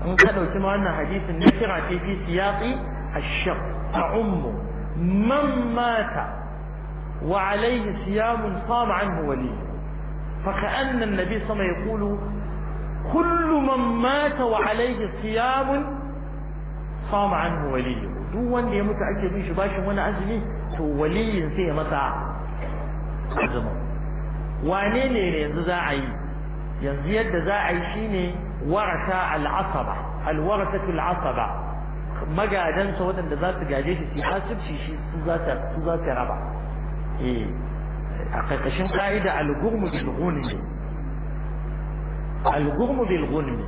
in ka ɗauki ma wannan hadisin na kira ce fi siyaƙi ashaq a ummu man mata wa alaihi siyamun sama anhu wali فكأن النبي صلى الله عليه وسلم يقول كل من مات وعليه صيام صام عنه وليه duk wanda ya mutu ake bin shi bashin wani azumi to waliyin sai ya masa azumin wane ne yanzu za a yi yanzu yadda za a yi shine warasa al'asaba alwarasatu al'asaba magadansa waɗanda za su gaje shi su hasibci shi su za su raba eh, a ƙarƙashin ƙa'ida al-gurmu bil ghunmi al-gurmu bil ghunmi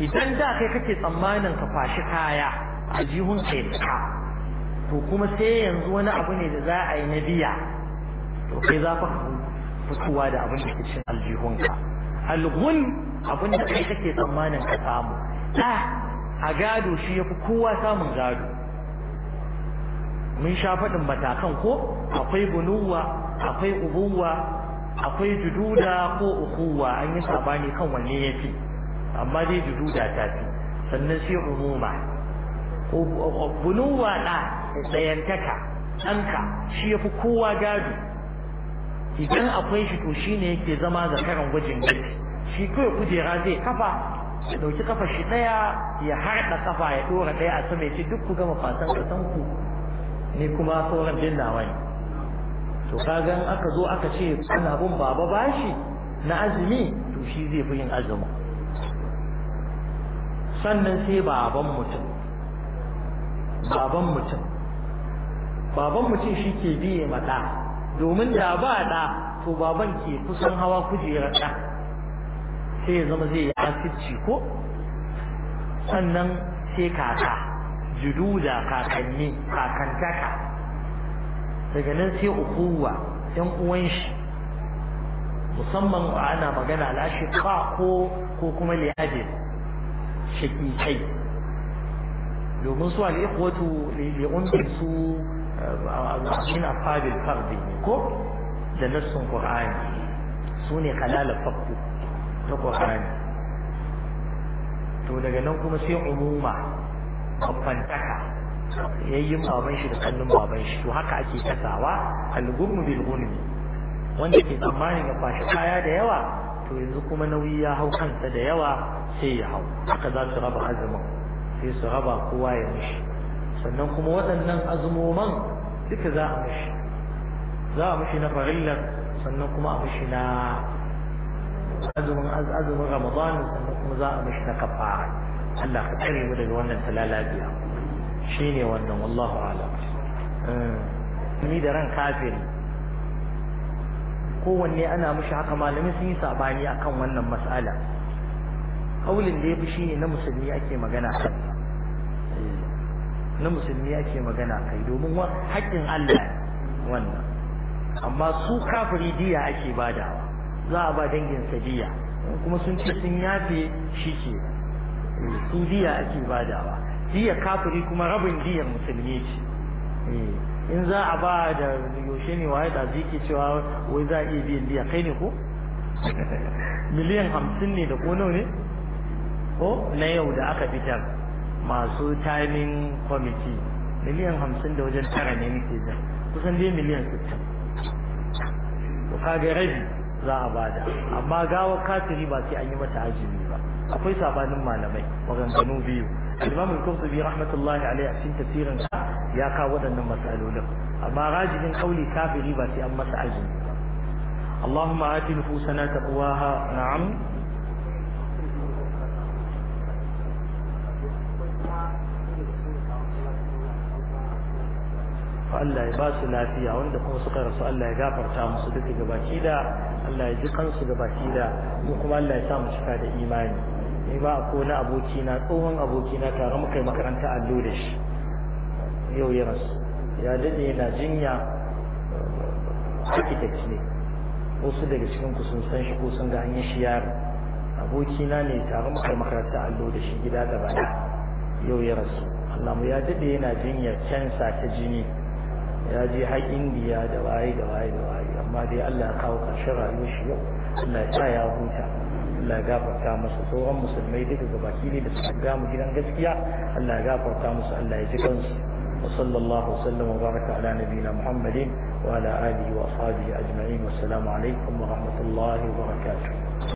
idan da kai kake tsammanin ka fashi kaya a jihun kai to kuma sai yanzu wani abu ne da za a yi na biya to kai za ka fitowa da abun da cin aljihunka al abin da kai kake tsammanin ka samu a gado shi ya fi kowa samun gado mun sha faɗin matakan ko akwai bunuwa akwai ubuwa akwai jududa ko ukuwa an yi sabani kan wanne ya fi amma dai jududa ta fi sannan sai umuma bunuwa na tsayantaka ɗanka shi ya fi kowa gado idan akwai shi to shine yake zama zakaran gwajin gaske shi kawai kujera zai kafa ya ɗauki kafa shi ɗaya ya harɗa kafa ya ɗora ɗaya a sama ya ce duk ku gama fatan kasan ku ni kuma sauran bin nawa ne to kagan aka zo aka ce ana bin baba bashi na azumi to shi zai fi yin azumi sannan sai baban mutum baban mutum baban mutum shi ke biye mata domin da ba da to baban ke kusan hawa kujerar ɗa sai ya zama zai yi asirci ko sannan sai kaka jududa kakanni kakantaka daga nan sai ukuwa yan uwan shi musamman ana magana ka ko ko kuma liyadin kai domin su al'ikwatu li'umbin su eh, min afabil fardi ko da nassun qur'ani su ne fakku ta ƙwarani to daga nan kuma sai umuma babbantaka yayin baban shi da kallon baban shi to haka ake kasawa algurmu bil gurmi wanda ke tsammanin ya kwashi kaya da yawa to yanzu kuma nauyi ya hau kansa da yawa sai ya hau haka za su raba azumin sai su raba kowa ya mishi sannan kuma waɗannan azumoman duka za a mishi za a mishi na farillar sannan kuma a mishi na azumin azumin ramadan kuma za a mishi na kafara Allah ka tsare mu daga wannan talalabiya shine wannan wallahu a'lam hmm. ni da ran kafiri kowanne ana mishi haka malami sun yi sabani akan wannan mas'ala kaulin da ya fi shine na musulmi ake magana kan na musulmi ake magana kai domin haƙƙin Allah wannan amma su kafiri diya ake badawa za a ba dangin sadiya kuma sun ce sun yafe shi ke eh, su diya ake badawa diya kafiri kuma rabin diyar musulmi ce eh, in za a ba da yaushe ne waye da ziki cewa wai za a iya biyan diya kai ne ko miliyan hamsin ne da ko ne ko na yau da aka fitar masu timing committee miliyan hamsin da wajen tara ne muke zai kusan dai miliyan sittin to kage rabi za a bada amma gawar kafiri ba sai an yi mata azumi ba akwai sabanin malamai maganganu biyu Imam Al-Qurtubi rahmatullahi alaihi a cikin tafsirin ya kawo waɗannan matsalolin amma rajin kauli kafiri ba sai an masa azumi ba اللهم آت نفوسنا تقواها نعم Fa Allah ya ba su lafiya wanda kuma suka rasu Allah ya gafarta musu duka gabaki da Allah ya ji kansu gabaki da mu kuma Allah ya sa mu cika da imani ni ba ko na aboki na tsohon aboki na tare muka yi makaranta allo da shi yau ya rasu ya dade yana jinya architect ne wasu daga cikin ku sun san shi ko sun ga hanyar shi yaro aboki na ne tare muka yi makaranta allo da shi gida da baya yau ya rasu Allah mu ya dade yana jinya cancer ta jini ya je har indiya da waye da waye da waye amma dai allah ya kawo ƙarshen rayuwar shi yau allah ya huta allah a gafarta musu tsohon musulmai duka ga baki ne da suka gamu gidan gaskiya allah ya gafarta musu allah ya ji kansu wa sallam wa baraka ala nabiyina muhammadin wa ala alihi wa ashabihi ajma'in wa assalamu alaikum wa rahmatullahi wa